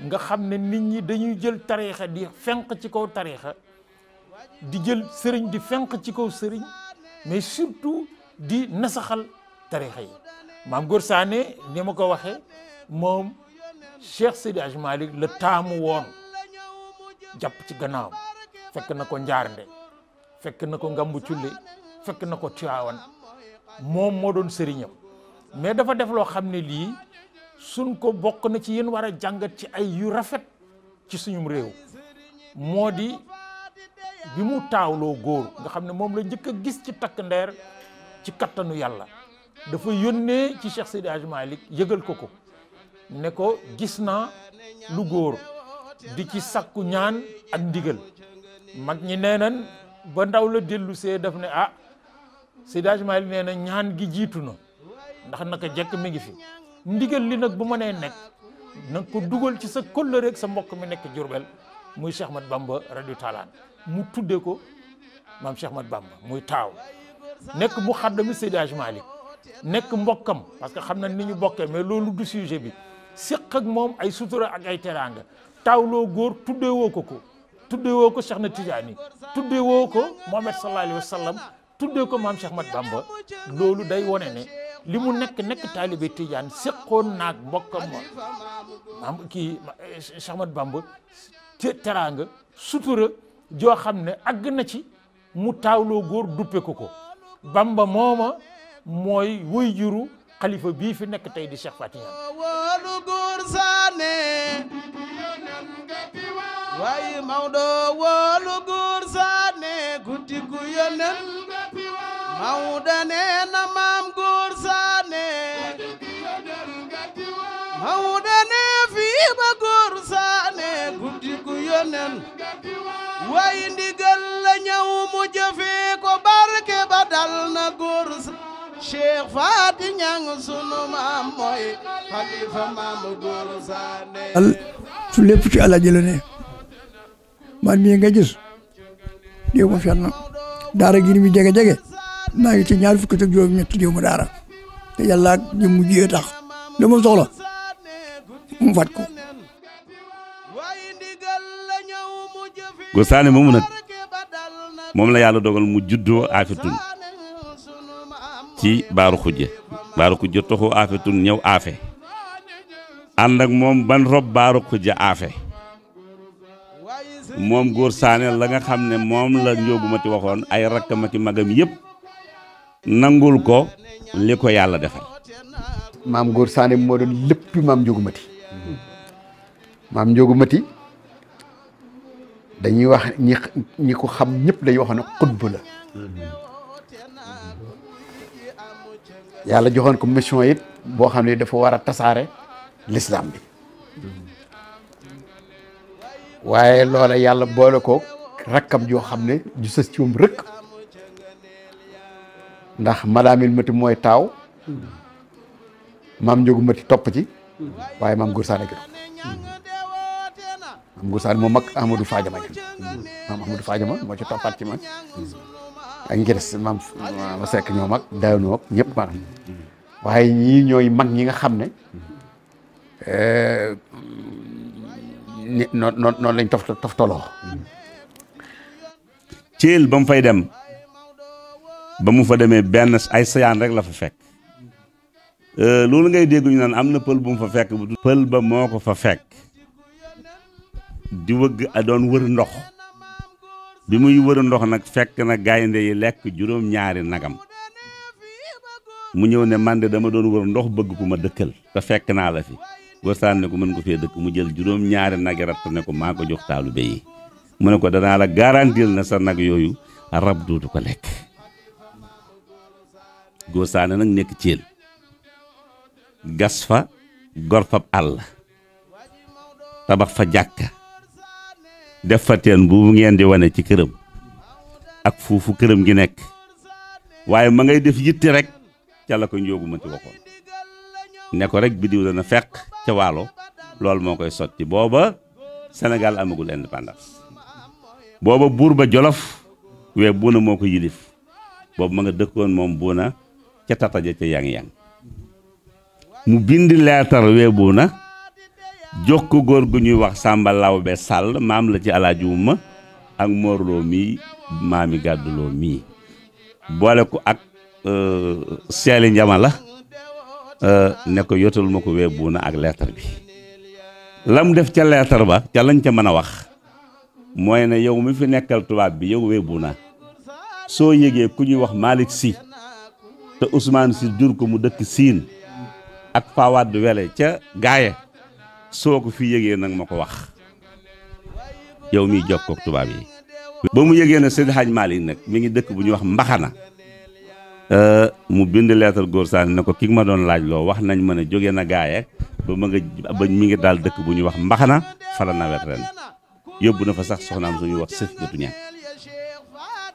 nga xam ne nit ñi dañuy jël tariixa di fenq ci kaw tariixa di jël sëriñ di fenk ci kaw sëriñ mais surtout di nasaxal tarixa yi maam Gor Sané ni ma ko waxee moom Cheikh Seydi Hadji Malick la taamu woon jàpp ci gannaawam fekk na ko Njaarnde fekk na ko Ngambu Culle fekk na ko Tiwaawan moom moo doon sëriñam mais dafa def loo xam ne lii suñ ko bokk na ci yéen war a jàngat ci ay yu rafet ci suñum réew moo di bi mu taawloo góor nga xam ne moom la njëkk a gis ci takk ndeer ci kattanu yàlla dafa yónnee ci Cheikh Seydi Hadj yëgal ko ko ne ko gis naa lu góor di ci sakku ñaan ak ndigal mag ñi nee nan ba ndaw la dellu see daf ne ah Seydi Hadj Malick nee na ñaan gi jiitu na ndax naka jekk mi ngi fi ndigal li nag bu ma nee nekk na ko dugal ci sa kóllëre ak sa mbokk mi nekk Jurbel muy Cheikh Ahmad Bamba radio talaan mu tudde ko maam Cheikh Mat Bamba muy taaw nekk mu xaddami Seydi Hadj Malick nekk mbokkam parce que xam na ni ñu bokkee mais loolu du sujet bi séq ak moom ay sutura ak ay teraanga taawloo góor tuddewoo ko ko tuddewoo ko Cheikh na Tidiane ko Mohamed sallallahu alayhi ko maam Mat Bamba loolu day wone ne li mu nekk nekk taalibe Tidiane séqoon naag mbokkam ma maam kii Cheikh Mat Bamba teraanga sutura joo xam ne àgg na ci mu taawloo góor duppe ko ko bamba mooma mooy woy juru xalifa bii fi nekk tey di Cheikh Fatignan woolu góor saane góor saane guddi gu yonen Maodo nee na maam góor yonen way ndigal la ñëw mu jëfee ko barke ba dal na góor Cheikh Faty Niang sunu maam mooy xalifa maam góor Sané al su lépp ci Alaaji la man mii nga gis déew ma fenn daara gi ni jege-jege maa ngi ci ñaar fukki ak juróom ñett daara te yàlla ak jëmm ji tax lu ma soxla mu fat ko gosaane moomu nag moom la yàlla dogal mu juddoo aafetun ci baaru xujje baaru xujje toxu aafetun ñëw aafe ànd ak moom ban rob baaru xujje aafe moom góor saane la nga xam ne moom la njóobu ma waxoon ay rakkam ak magam yëpp nangul ko li ko yàlla defal maam góor saani moo doon léppi maam njóogu maam njóogu dañuy wax ñi ñi ko xam ñëpp dañuy wax ne xutba la yàlla joxoon ko mission it boo xam ne dafa war a tasaare lislaam bi waaye loola yàlla boole ko rakkam joo xam ne ju sës ci moom rëkk ndax madaamil mati mooy taaw maam njogu mati topp ci waaye maam góor saana gi Ngour Sane moom mag Amadou Fadiama ñoom maam Amadou moo ci toppaat ci man ak ñi ci des maam ma sekk ñoo mag daaw ñoo mag ñëpp maanaam waaye ñii ñooy mag ñi nga xam ne eh, ni noonu noonu lañ tof toftaloo. Thiel ba mu fay dem ba mu fa demee benn ay sayaan rek la fa fekk eh, loolu ngay dégg ñu naan am na pël bu mu fa fekk. pël ba moo ko fa fekk. di wëgg a doon wër ndox bi muy wër ndox nag fekk na gaaynde yi lekk juróom-ñaari nagam mu ñëw ne man dama doon wër ndox bëgg ku ma dëkkal te fekk naa la fi góorsaan ne ko mën ko fee dëkk mu jël juróom-ñaari nagi ratt ne ko maa ko jox taalube yi mu ne ko danaa la garantil na sa nag yooyu rab dootu ko lekk góorsaan nag nekk céel gas fa gor fab àll tabax fa jàkka def fa teen bu ngeen di wane ci këram ak fuufu këram gi nekk waaye ma ngay def yitti rek ca la ko njóogu ma ci ne ko rek bidiw na fekk ca waalo loolu moo koy sotti booba Sénégal amagul indépendance booba buur ba jolof wee buuna moo ko yilif boobu ma nga dëkkoon moom buuna ca tataja ca yang-yang mu bind leetar wee buuna jox ko góor gu ñuy wax Samba Lawbe sàll maam la ci alaaji Wuma ak Morloo mii maami gàdduloo mii boole ko ak euh, seeli njama la euh, ne ko yotal ko wee buuna ak lettre bi lam def ca lettre ba ca lañ ca mën a wax mooy ne yow mi fi nekkal tubaab bi yow wee buuna soo yëgee ku ñuy wax Malick si te Ousmane si jur ko mu dëkk siin ak Fawad Wele ca gaaye soo ko fi yëgee nag ma ko wax yow miy jokkoo ak tubaab yi. ba mu yëgee na Seydi Hadj Malick nag mi ngi dëkk bu ñuy wax Mbaxana euh, mu bind leetal góor saani ne ko ki ma doon laaj loo wax nañ mën ne jóge na gaayek ba ma nga ba mi ngi daal dëkk bu ñuy wax Mbaxana fa la nawet ren yóbbu na fa sax soxnaam suñuy wax sëf gëtu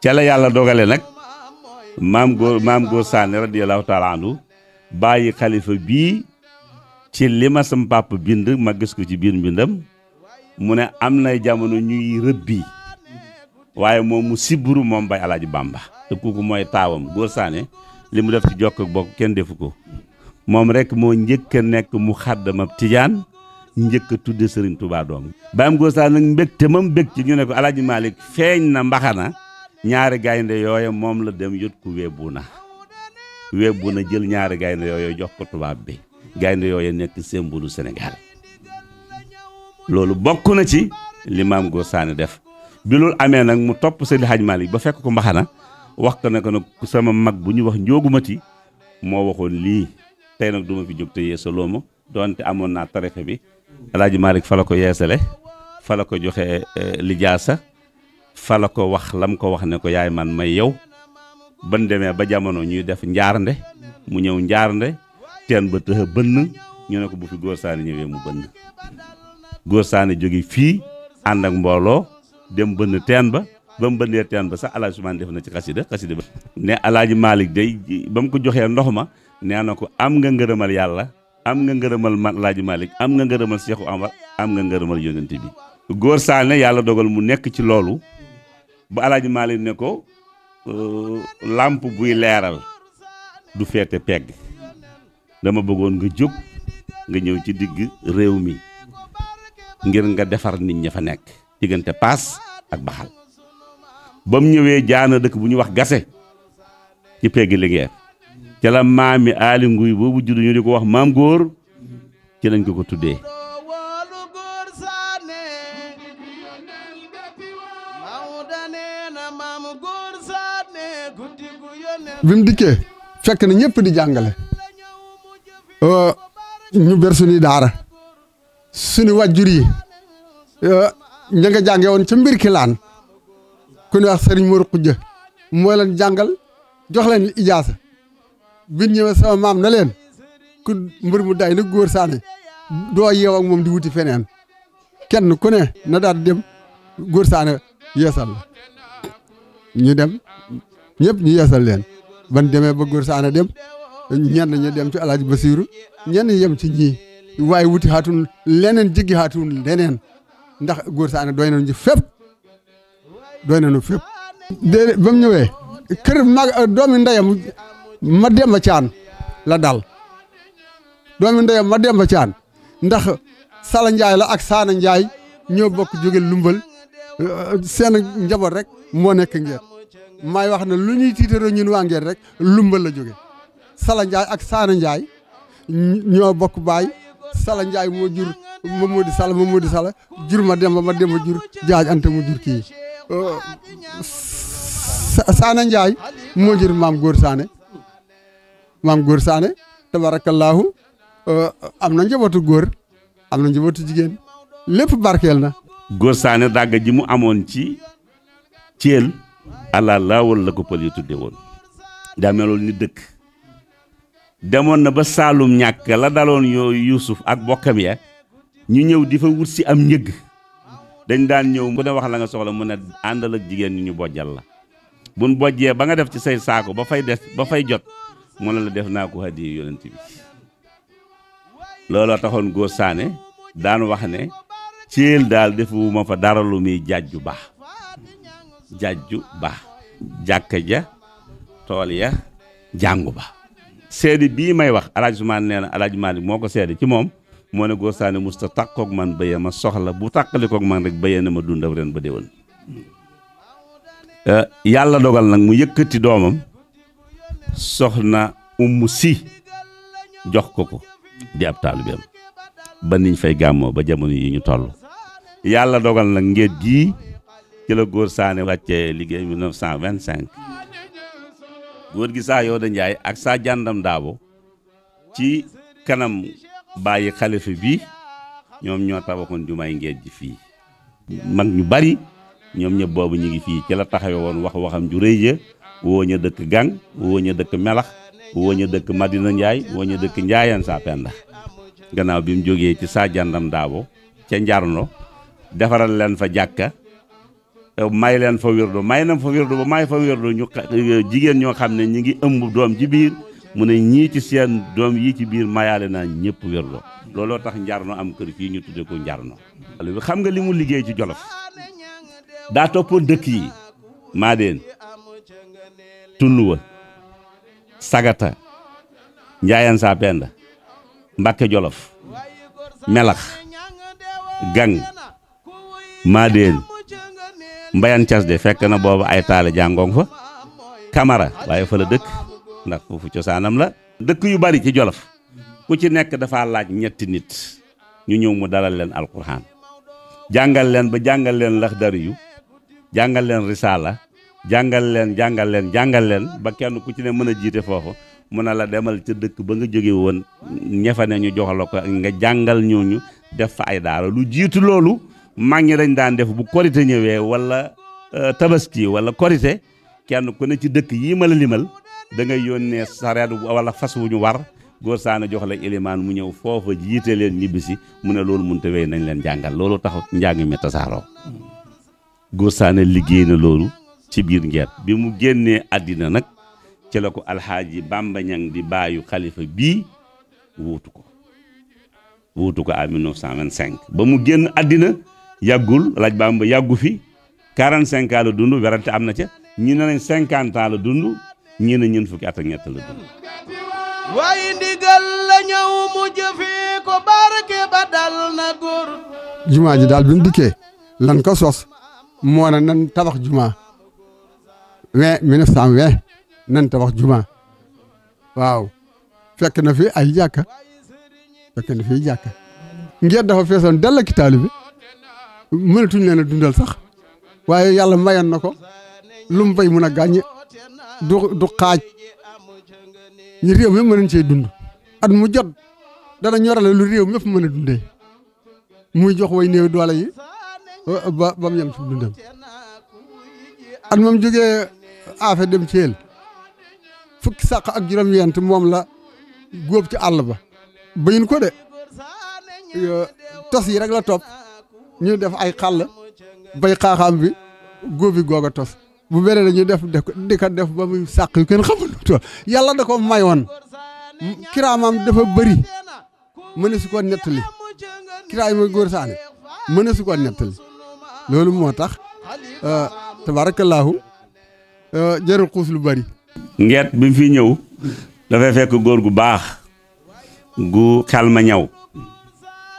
ca la yàlla dogale nag maam góor maam góor saani radiyallahu taala bàyyi xalifa bii ci li ma sam bind ma gis ko ci biir mbindam mu ne am nay jamono ñuy rëbbi waaye moom mu siburu moom bay alaaji Bàmba te kooku mooy taawam góor saane li mu def ci bokk kenn defu ko moom rek moo njëkk nekk mu xaddamab tijaan njëkk a tudde sëriñ Touba doom baam góor saane nag mbégte mam ci ñu ne ko alaaji Malick feeñ na mbaxana ñaari gaynde yooya moom la dem yot ku weebu na weebu na jël ñaari gaynde yooya jox ko tubaab bi gaynde yooyu nekk symbole Sénégal loolu bokk na ci li maam Gor Sané def bi loolu amee nag mu topp Seydi Hadj Malick ba fekk ko mbaxana wax ko ne ko nag sama mag bu ñu wax njoogu mati moo waxoon lii tey nag duma fi jóg te yeesaloo ma donte amoon naa tarixa bi El Hadj fala ko yeesale fa la ko joxe eh, lijaasa fa la ko wax lam ko wax ne ko yaay man may yow ban demee ba jamono ñuy def njaarnde mu ñëw njaarnde ten ba tëx bënn ñu ne ko bu fi góor saani ñewé mu bënn góor saani jóge fi and ak mbolo dem bënn ten ba bam mu ten ba sa alaaji Usmaan def na ci xasida xasida ne alaaji malik day bam ko joxee ndox ma nee ko am nga ngeureumal yalla am nga ngeureumal man alaaji malik am nga ngeureumal Seexu Amar am nga ngeureumal yonenti bi góor saane yalla dogal mu nek ci lolu ba alaaji malik ne ko lampe buy leral du fete pegg dama bëggoon nga jóg nga ñëw ci digg réew mi ngir nga defar nit ñi fa nekk diggante paas ak baxal ba mu ñëwee jaana dëkk bu ñu wax gase ci peggi Linguère ca la maami aali nguy boobu juddu ñu di ko wax maam góor ci lañ ko ko tuddee bim dikke dikkee fekk na ñëpp di jàngale ñu ber suñuy daara suñu wàjjur yi ña nga jànge woon ca mbir kilaan ku ñuy wax sëriñ Mor Xujja moo leen jàngal jox leen ijaasa bin ñëwee sama maam na leen ku mbër mu day na góor saane doo yeew moom di wuti feneen kenn ku ne na daal dem góor saane yeesal la ñu dem ñëpp ñu yeesal leen ban demee ba góor saane dem ñenn ñi dem ci alaaji basiiru ñenn ñi yem ci ñii waaye wuti xaatun leneen jiggi xaatun leneen ndax góor saane doy nañu fépp doy nañu fépp déedéet ba mu ñëwee kër mag doomi ndeyam ma demba caan la dal doomi ndeyam ma demba caan ndax sala njaay la ak saana njaay ñoo bokk jóge lumbal seen njaboot rek moo nekk ngeer maay wax na lu ñuy tiitaroo ñun waa ngeer rek lumbal la jóge Sala Ndiaye ak Saana Ndiaye ñoo bokk baay Sala Ndiaye moo jur Mamodi Sala Mamodi Sala jur ma demba ma demba jur jaaj ante mu jur kii Saana Ndiaye moo jur maam góor Saane maam góor Saane tabarakallaahu am na njabootu góor am na njabootu jigéen lépp barkeel na. góor Saane dàgg ji mu amoon ci Thiel. alaa laa woon la ko pël yi tudde woon daa meloon ni dëkk. demoon na ba saalum ñàkk la daloon yooyu yuusuf ak bokkam ya ñu ñëw di fa wut si am ñëgg dañ daan ñëw ku ne wax la nga soxla mu ne àndal ak jigéen ñu ñu bojjal la buñ bojjee ba nga def ci say saako ba fay des ba fay jot mu ne la def naa ko hadiya yonent bi looloo taxoon góor saane daan wax ne céel daal defuma fa dara lu muy jàjju baax jàjju baax jàkka ja tool ya jàngu ba seede bii may wax alaaj Usmaan nee na alaaj Maalik moo ko seede ci moom moo ne Góor saani musta tàqoog man béye ma soxla bu tàqalikoog man rek béyee na ma dundaw ren ba déwén eh, yàlla dogal nag mu yëkkati doomam sox soxna umm si jox ko ko di ab taalibeem ba niñ fay gàmmoo ba jamono yi ñu toll yàlla dogal nag ngéet gii ci la Góor Saane wàccee liggéey 1925 góor gi saa Yooda Njaay ak saa jàndam daabo ci kanam bàyyi xalifa bi ñoom ñoo tabaxoon jumaay ngeej ji fii mag ñu bari ñoom ñëpp boobu ñu ngi fii ci la taxawe woon wax waxam ju rëy ja woo ña dëkk gang woo ña dëkk melax woo ña dëkk madina njaay woo ña dëkk njaayaan saa penda gannaaw bi mu jógee ci saa jàndam daabo ca njarno defaral leen fa jàkka Eh, mayleen leen fa wirdu may na fa wirdu ba may fa wirdu eh, jigéen ñoo xam ne ñi ngi ëmb doom ci biir mu ne ñii ci seen doom yii ci biir mayaale naa ñëpp wirdu looloo tax njarno am kër fii ñu tudde ko njarno xam nga li mu liggéey ci jolof daa toppoon dëkk yi maa deen tunnuwa sagata njaayan saa penda mbàkke jolof melax gang maa mbayan cas de fekk na booba ay taale jàngoon fa kamara waaye fa la dëkk ndax foofu cosaanam la dëkk yu bari ci jolof ku ci nekk dafa laaj ñetti nit ñu ñëw mu dalal leen alquran jàngal leen ba jàngal leen laxdari yu jàngal leen risaala jàngal leen jàngal leen jàngal leen ba kenn ku ci ne mën a jiite foofu mun na la demal ca dëkk ba nga jóge woon ñefa ne ñu joxala ko nga jàngal ñooñu def fa ay daara lu jiit loolu mag ñi dañ daan def bu korite ñëwee wala euh, tabaski wala korite kenn ku ne ci dëkk yii ma la limal da ngay yónnee sareet wala fas wu ñu war góor saana jox la ilimaan mu ñëw foofa jiite leen ñibbisi mu ne loolu mënut a wéy nañ leen jàngal loolu tax njàng mi tasaaroo góor saane liggéey na loolu ci biir ngeet bi mu génnee àddina nag ci la ko alxaaji Bamba Ñang di baayu xalifa bii wuutu ko wuutu ko à 1925 ba mu génn àddina yàggul laaj baam ba yàggu fi 45 ans la dund werante am na ca ñi ne nañ 50 ans la dund ñi ne ñun fukki at ak ñett la dund. waaye ndigal la ñëw mu jëfee ko barke ba dal na góor. jumaa ji daal bi mu lan ko sos moo na nan tabax jumaa vingt mille neuf cent vingt nan tabax jumaa waaw fekk na fi ay jàkka fekk na fi jàkka ngir dafa feesoon dell ak taalibe bi mënatuñ leen a dundal sax waaye yàlla mayan na ko lu mu bay mun a gàññ du du xaaj ñu réew mi mën nañ cee dund at mu jot dana ñorale lu réew mépp mën a dundee muy jox way néew doole yi ba ba mu yem ci dundam at moom jógee aafe dem ci fukki sàq ak juróom-ñeent moom la góob ci àll ba bañun ko de tos yi rek la topp ñu def ay xàll bay xaaxaam bi góobi googa tos bu beneen ñu def di ko def ba muy sàq yu kenn xamul tool yàlla da ko mayoon kiraamam dafa bëri mëne su ko nettali kiraay ma góor saane mën su ko nettali loolu moo tax euh, tabaarakallaahu euh, jërul xuus lu bëri ngeet bi mu fi ñëw dafay fekk góor gu baax gu xel ma ñaw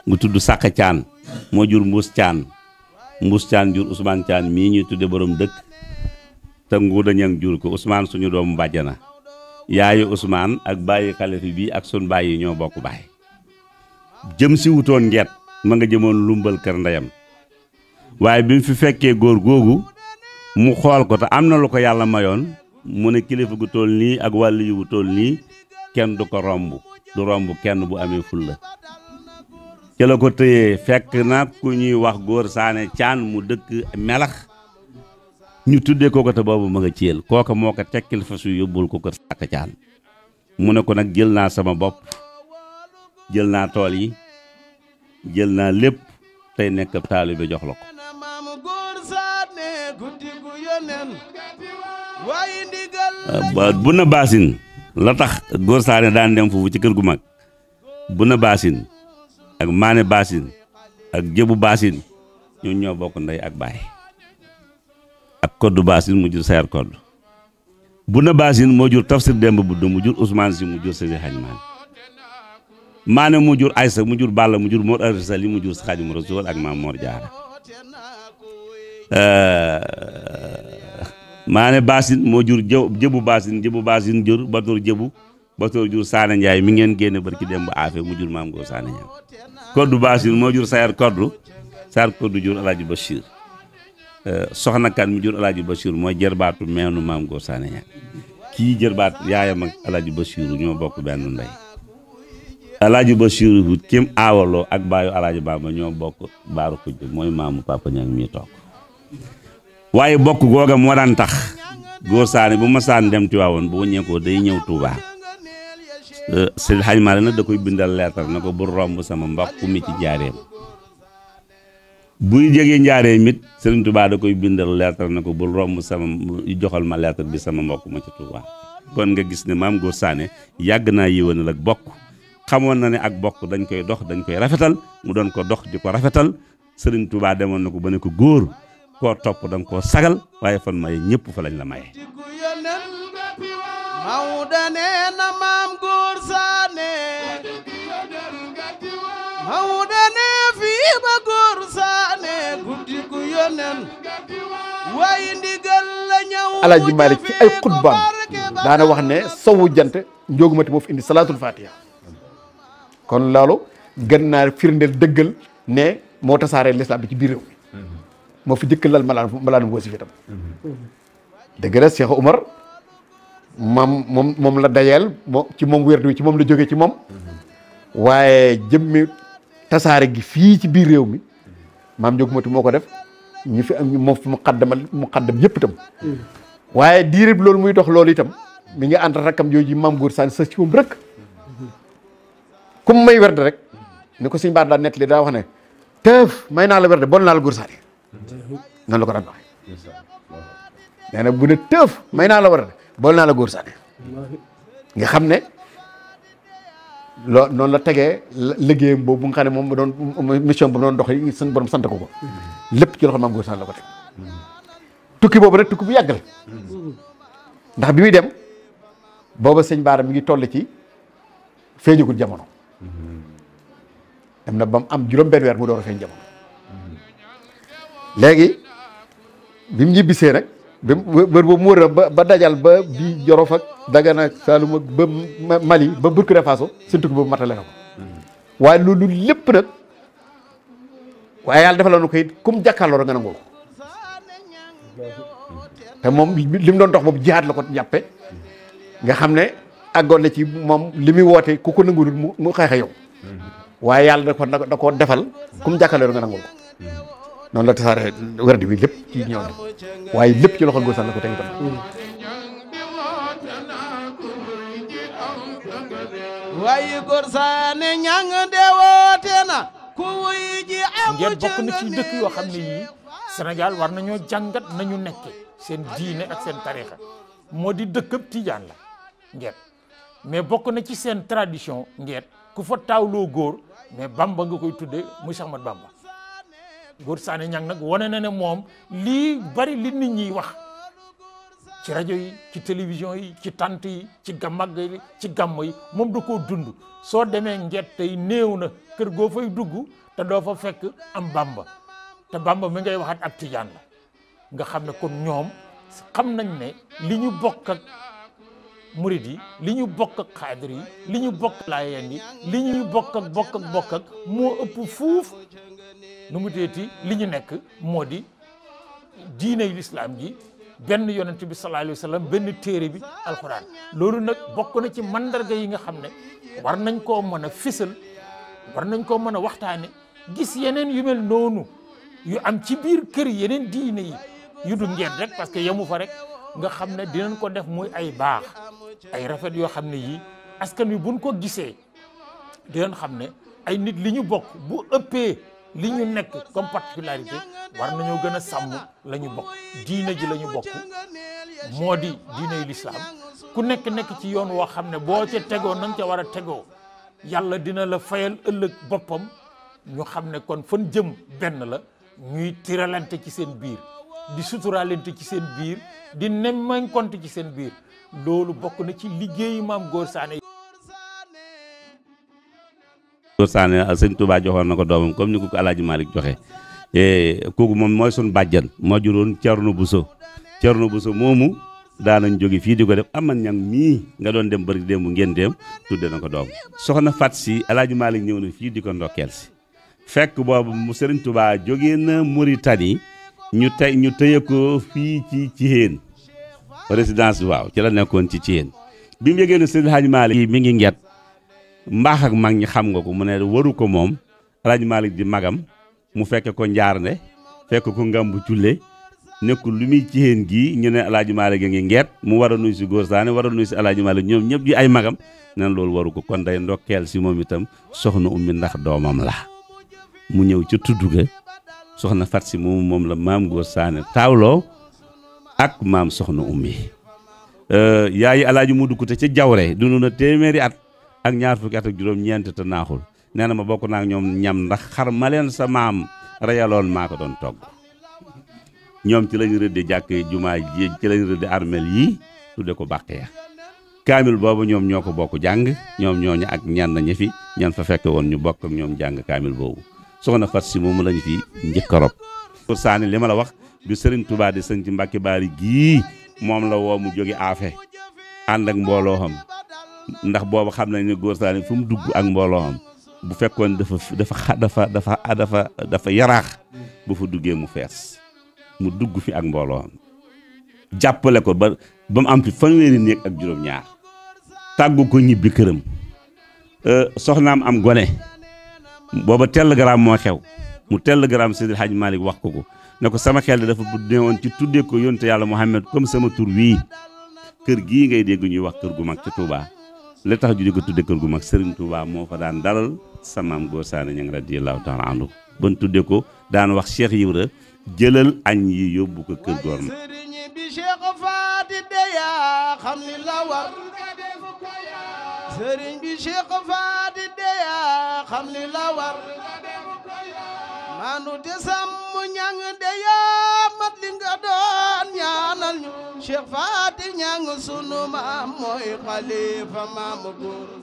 gu tudd sàq caan moo jur mbuus caan mbuus caan jur Ousmane caan mii ñuy tudde borom dëkk te nguuda ñang jur ko Ousmane suñu doomu bàjjana yaayu Ousmane ak bàyyi xalifi bi ak sun bàyyi ñoo bokk baay jëm si wutoon ngeet ma nga jëmoon lumbal kër ndeyam waaye bi mu fi fekkee góor googu mu xool ko te am na lu ko yàlla mayoon mu ne kilifa gu toll nii ak wàll yu toll nii kenn du ko romb du romb kenn bu amee fulla ca la ko tëyee fekk na ku ñuy wax góor saane caan mu dëkk melax ñu tuddee ko ko te boobu ma nga ciyel kooka moo ko tekkil fasu yóbbul ko kër sàkk caan mu ne ko nag jël naa sama bopp jël naa tool yi jël naa lépp tey nekk taalibe jox la ko bu na baasin la tax góor saane daan dem foofu ci kër gu mag bu na baasin ak maane baasin ak jëbu baasin ñun ñoo bokk ndey ak baay ak koddu baasin mu jur sayar koddu bu na baasin moo jur tafsir demb budd mu jur Ousmane si mu jur sëñ xaj maane maane mu jur aysa mu jur balla mu jur mor arsal yi mu jur Xaadimu Rasuul ak maam Mor Jaara euh, maane baasin moo jur jëbu baasin jëbu baasin jur batur jëbu Batoor jur Saane Njaay mi ngeen génne barki dem ba affaire mu jur mam go Saane Njaay koddu Basir mo jur Sayar koddu sar koddu jur El bashir euh soxna kan mu jur El bashir mo jerbatu meenu mam go Saane Njaay ki jërbaat yaaya mak El bashir Bachir ñoo bokk benn nday El bashir Bachir kim awalo ak bayu El Hadj Bamba ñoo bokk baru ko jur moy mamu papa ñang mi tok waye bokk goga mo dan tax Góor Saane bu ma saan dem Tiwaawoon bu wëññeekoo day ñew Touba. Euh, Seydi Hadji Malick nag da koy bindal leetar na ko bu romb sama mbokk mi ci njaareem buy jege njaareem it Serigne tubaa da koy bindal leetar na ko bu romb sama joxal ma leetar bi sama mbokk ma ci Touba kon nga gis ne maam Góor Sané yàgg naa yéwénal ak bokk xamoon na ne ak bokk dañ koy dox dañ koy rafetal mu doon ko dox di ko rafetal Serigne tubaa demoon na ko ba ne ko góor koo topp da koo sagal waaye fan maye ñëpp fa lañ la maye. Maodo nee na maam góor saane guddi gu yonen waaye ndigal la ñëw ay xutbaam daana wax ne sowu jant njoogumati moo fi indi salaatul fatiha kon loolu gën naa firndeel dëggal ne moo tasaaree lislaam bi ci biir réew mi mhm. moo jëkk lal malaan malaan tam mhm. dëgg la Cheikh moom moom la dajeel moom ci moom wérdu ci moom la jóge ci moom waaye jëmmi tasaare gi fii ci biir réew mi maam Ndiogou moo ko def ñu fi am moom mu xaddamal mu xaddam yëpp itam waaye diirib loolu muy dox loolu itam mi ngi ànd rakkam jooju maam góor saan sës ci moom rek comme may werd rek ni ko suñ baat daa nettali daa wax ne tëf may naa la werd bon naa la góor ko daan waxee bu ne may naa la werd bool naa la góor sànni nga xam ne loo noonu la tegee liggéeyam boobu nga xam ne moom doon mission bu doon dox yi suñu borom sant ko ko lépp ci loxo maam góor sànni la ko teg tukki boobu nag tukki bu yàgg la ndax bi muy dem booba sëñ Baara mi ngi toll ci feeñagul jamono dem na ba am juróom benn weer mu door feeñ jamono léegi bi mu ñibbisee nag ba wër boobu mu wër ba dajal ba bii Jolof ak Dagana ak ba Mali ba Burkina Faso seen tukki boobu matale na ko mm-hmm. waaye lu lépp nag waaye yàlla defaloon na ko it kum jàkkaarloo nga nangoo ko mm-hmm. te moom li mu doon dox boobu jihaat la ko jàppe nga xam ne àggoon na ci moom li muy woote ku ko nanguwul mu mu xeexe yow mm-hmm. waaye yàlla da ko da koo defal kum jàkkaarloo nga nangoo ko noonu la tasaare werd bi lépp ci ñëw na waaye lépp ci loxo góosaan la ko teg itam waaye góorsaane ñang de woote na ku wuy ji am ngeen bokk na ci dëkk yoo xam ne yii Sénégal war nañoo jàngat nañu nekke seen diine ak seen tarixa moo di dëkkab tijaan la ngeet mais bokk na ci seen tradition ngeet ku fa taawloo góor mais Bamba nga koy tudde muy Cheikh Ahmadou Bamba Ngor Sané Niang nag wone na ne moom lii bari li nit ñiy wax ci rajo yi ci télévision yi ci tant yi ci gamag yi ci gàmm yi moom da koo dund soo demee nget tey néew na kër goo fay dugg te doo fa fekk am bamba te bamba mi ngay waxaat ak tijaan la nga xam ne kon ñoom xam nañ ne li ñu bokk ak murid yi li ñu bokk ak yi li ñu bokk laayeen ëpp fuuf nu mu deeti li ñu nekk moo di diiney lislaam gi benn yonent bi sallallahu alayhi benn téere bi alxuraan loolu nag bokk na ci mandarga yi nga xam ne war nañ koo mën a fisal war nañ koo mën a waxtaane gis yeneen yu mel noonu yu am ci biir kër yeneen diine yi yu du ngeen rek parce que yemu fa rek nga xam ne dinañ ko def muy ay baax ay rafet yoo xam ne yii askan wi buñ ko gisee dinañ xam ne ay nit li ñu bokk bu ëppee li ñu nekk comme particularité war nañoo gën a sàmm lañu ñu bokk diina ji lañu bokk moo di diinay lislaam ku nekk nekk ci yoon woo xam ne boo ca tegoo na nga ca war a tegoo yàlla dina la fayal ëllëg boppam ñu xam ne kon fan jëm benn la ñuy tiralante ci seen biir di suturalante ci seen biir di nemmañ kont ci seen biir loolu bokk na ci liggéeyu maam góor saane góor saane sëñ tubaa joxoon na ko doomam comme ni ko ko alaaji Malick joxe e, kooku moom mooy suñ bàjjan moo juróon Cerno Buso Cerno Buso moomu daanañ jóge fii di ko def aman ñang mii nga doon dem bëri démb ngeen dem tudde na ko doom soxna Fat si alaaji Malick ñëw na fii di ko ndokkeel si fekk boobu mu sëriñ tubaa jógee na Mauritanie ñu tey ñu tëye ko fii ci ci Thiène waaw ci la nekkoon ci Thiène bi mu yëgee ne sëriñ Alaaji yi mi ngi nget mbaax ak mag ñi xam nga ko mu ne waru ko moom Alaaji Maalik di magam mu fekk ko njaarnde fekk ko bu culle nekkul lu muy ciyeen gii ñu ne Alaaji Maalik a ngi ngeet mu war a nuyu si góor saane war a nuyu si Alaaji Maalik ñoom ñëpp di ay magam nen loolu waru ko kon day ndokkeel si moom itam soxna ummi ndax doomam la mu ñëw ca tudd ga soxna fat si moomu moom la maam góor saane taawloo ak maam soxna ummi euh, yaayi alaaji mu dugg te ca jawre dund na téeméeri ak ñaar fukki at ak juróom-ñeent te naaxul nee na ma bokk naa ak ñoom ñam ndax xar ma leen sa maam reyaloon maa ko doon togg ñoom ci lañu rëdde jàkk juma ji ci lañu rëdde armel yi tudde ko bàqiya kaamil boobu ñoom ñoo ko bokk jàng ñoom ñooñu ak ñan ñi fi ñan fa fekk woon ñu bokk ak ñoom jàng kaamil boobu soxna fat si lañu fi njëkk pour saani li ma la wax bi sëriñ Touba di sëñ ci Mbàkke Baari gii moom la woo mu jóge aafe ànd ak mbooloo xam ndax boobu xam nañ ne góor saani fu mu dugg ak mbooloo am bu fekkoon dafa dafa dafa dafa dafa yaraax bu fa duggee mu fees mu dugg fi ak mbooloo am jàppale ko ba ba mu am fi fanweeri néeg ak juróom-ñaar tàggu ko ñibbi këram euh, soxnaam am gone booba telegram moo xew mu telegram Seydil Hadj Malick wax ko ko ne ko sama xel dafa buddee woon ci tuddee ko yonte yàlla Muhammad comme sama tur wii kër gii ngay dégg ñuy wax kër gu mag ca Touba li tax di ko tudde kër gu mag Serigne Touba moo fa daan dalal sa maam Góor Saane ña ngi radiyallaahu taala anhu tudde ko daan wax Cheikh Ibra jëlal añ yi yóbbu ko kër goor ma sëriñ bi Cheikh Faty deya xam li la war manu te sàmm ñang deya mat li nga doon ñaanal ñu Cheikh Faty ñang sunu maam mooy xalifa maam góor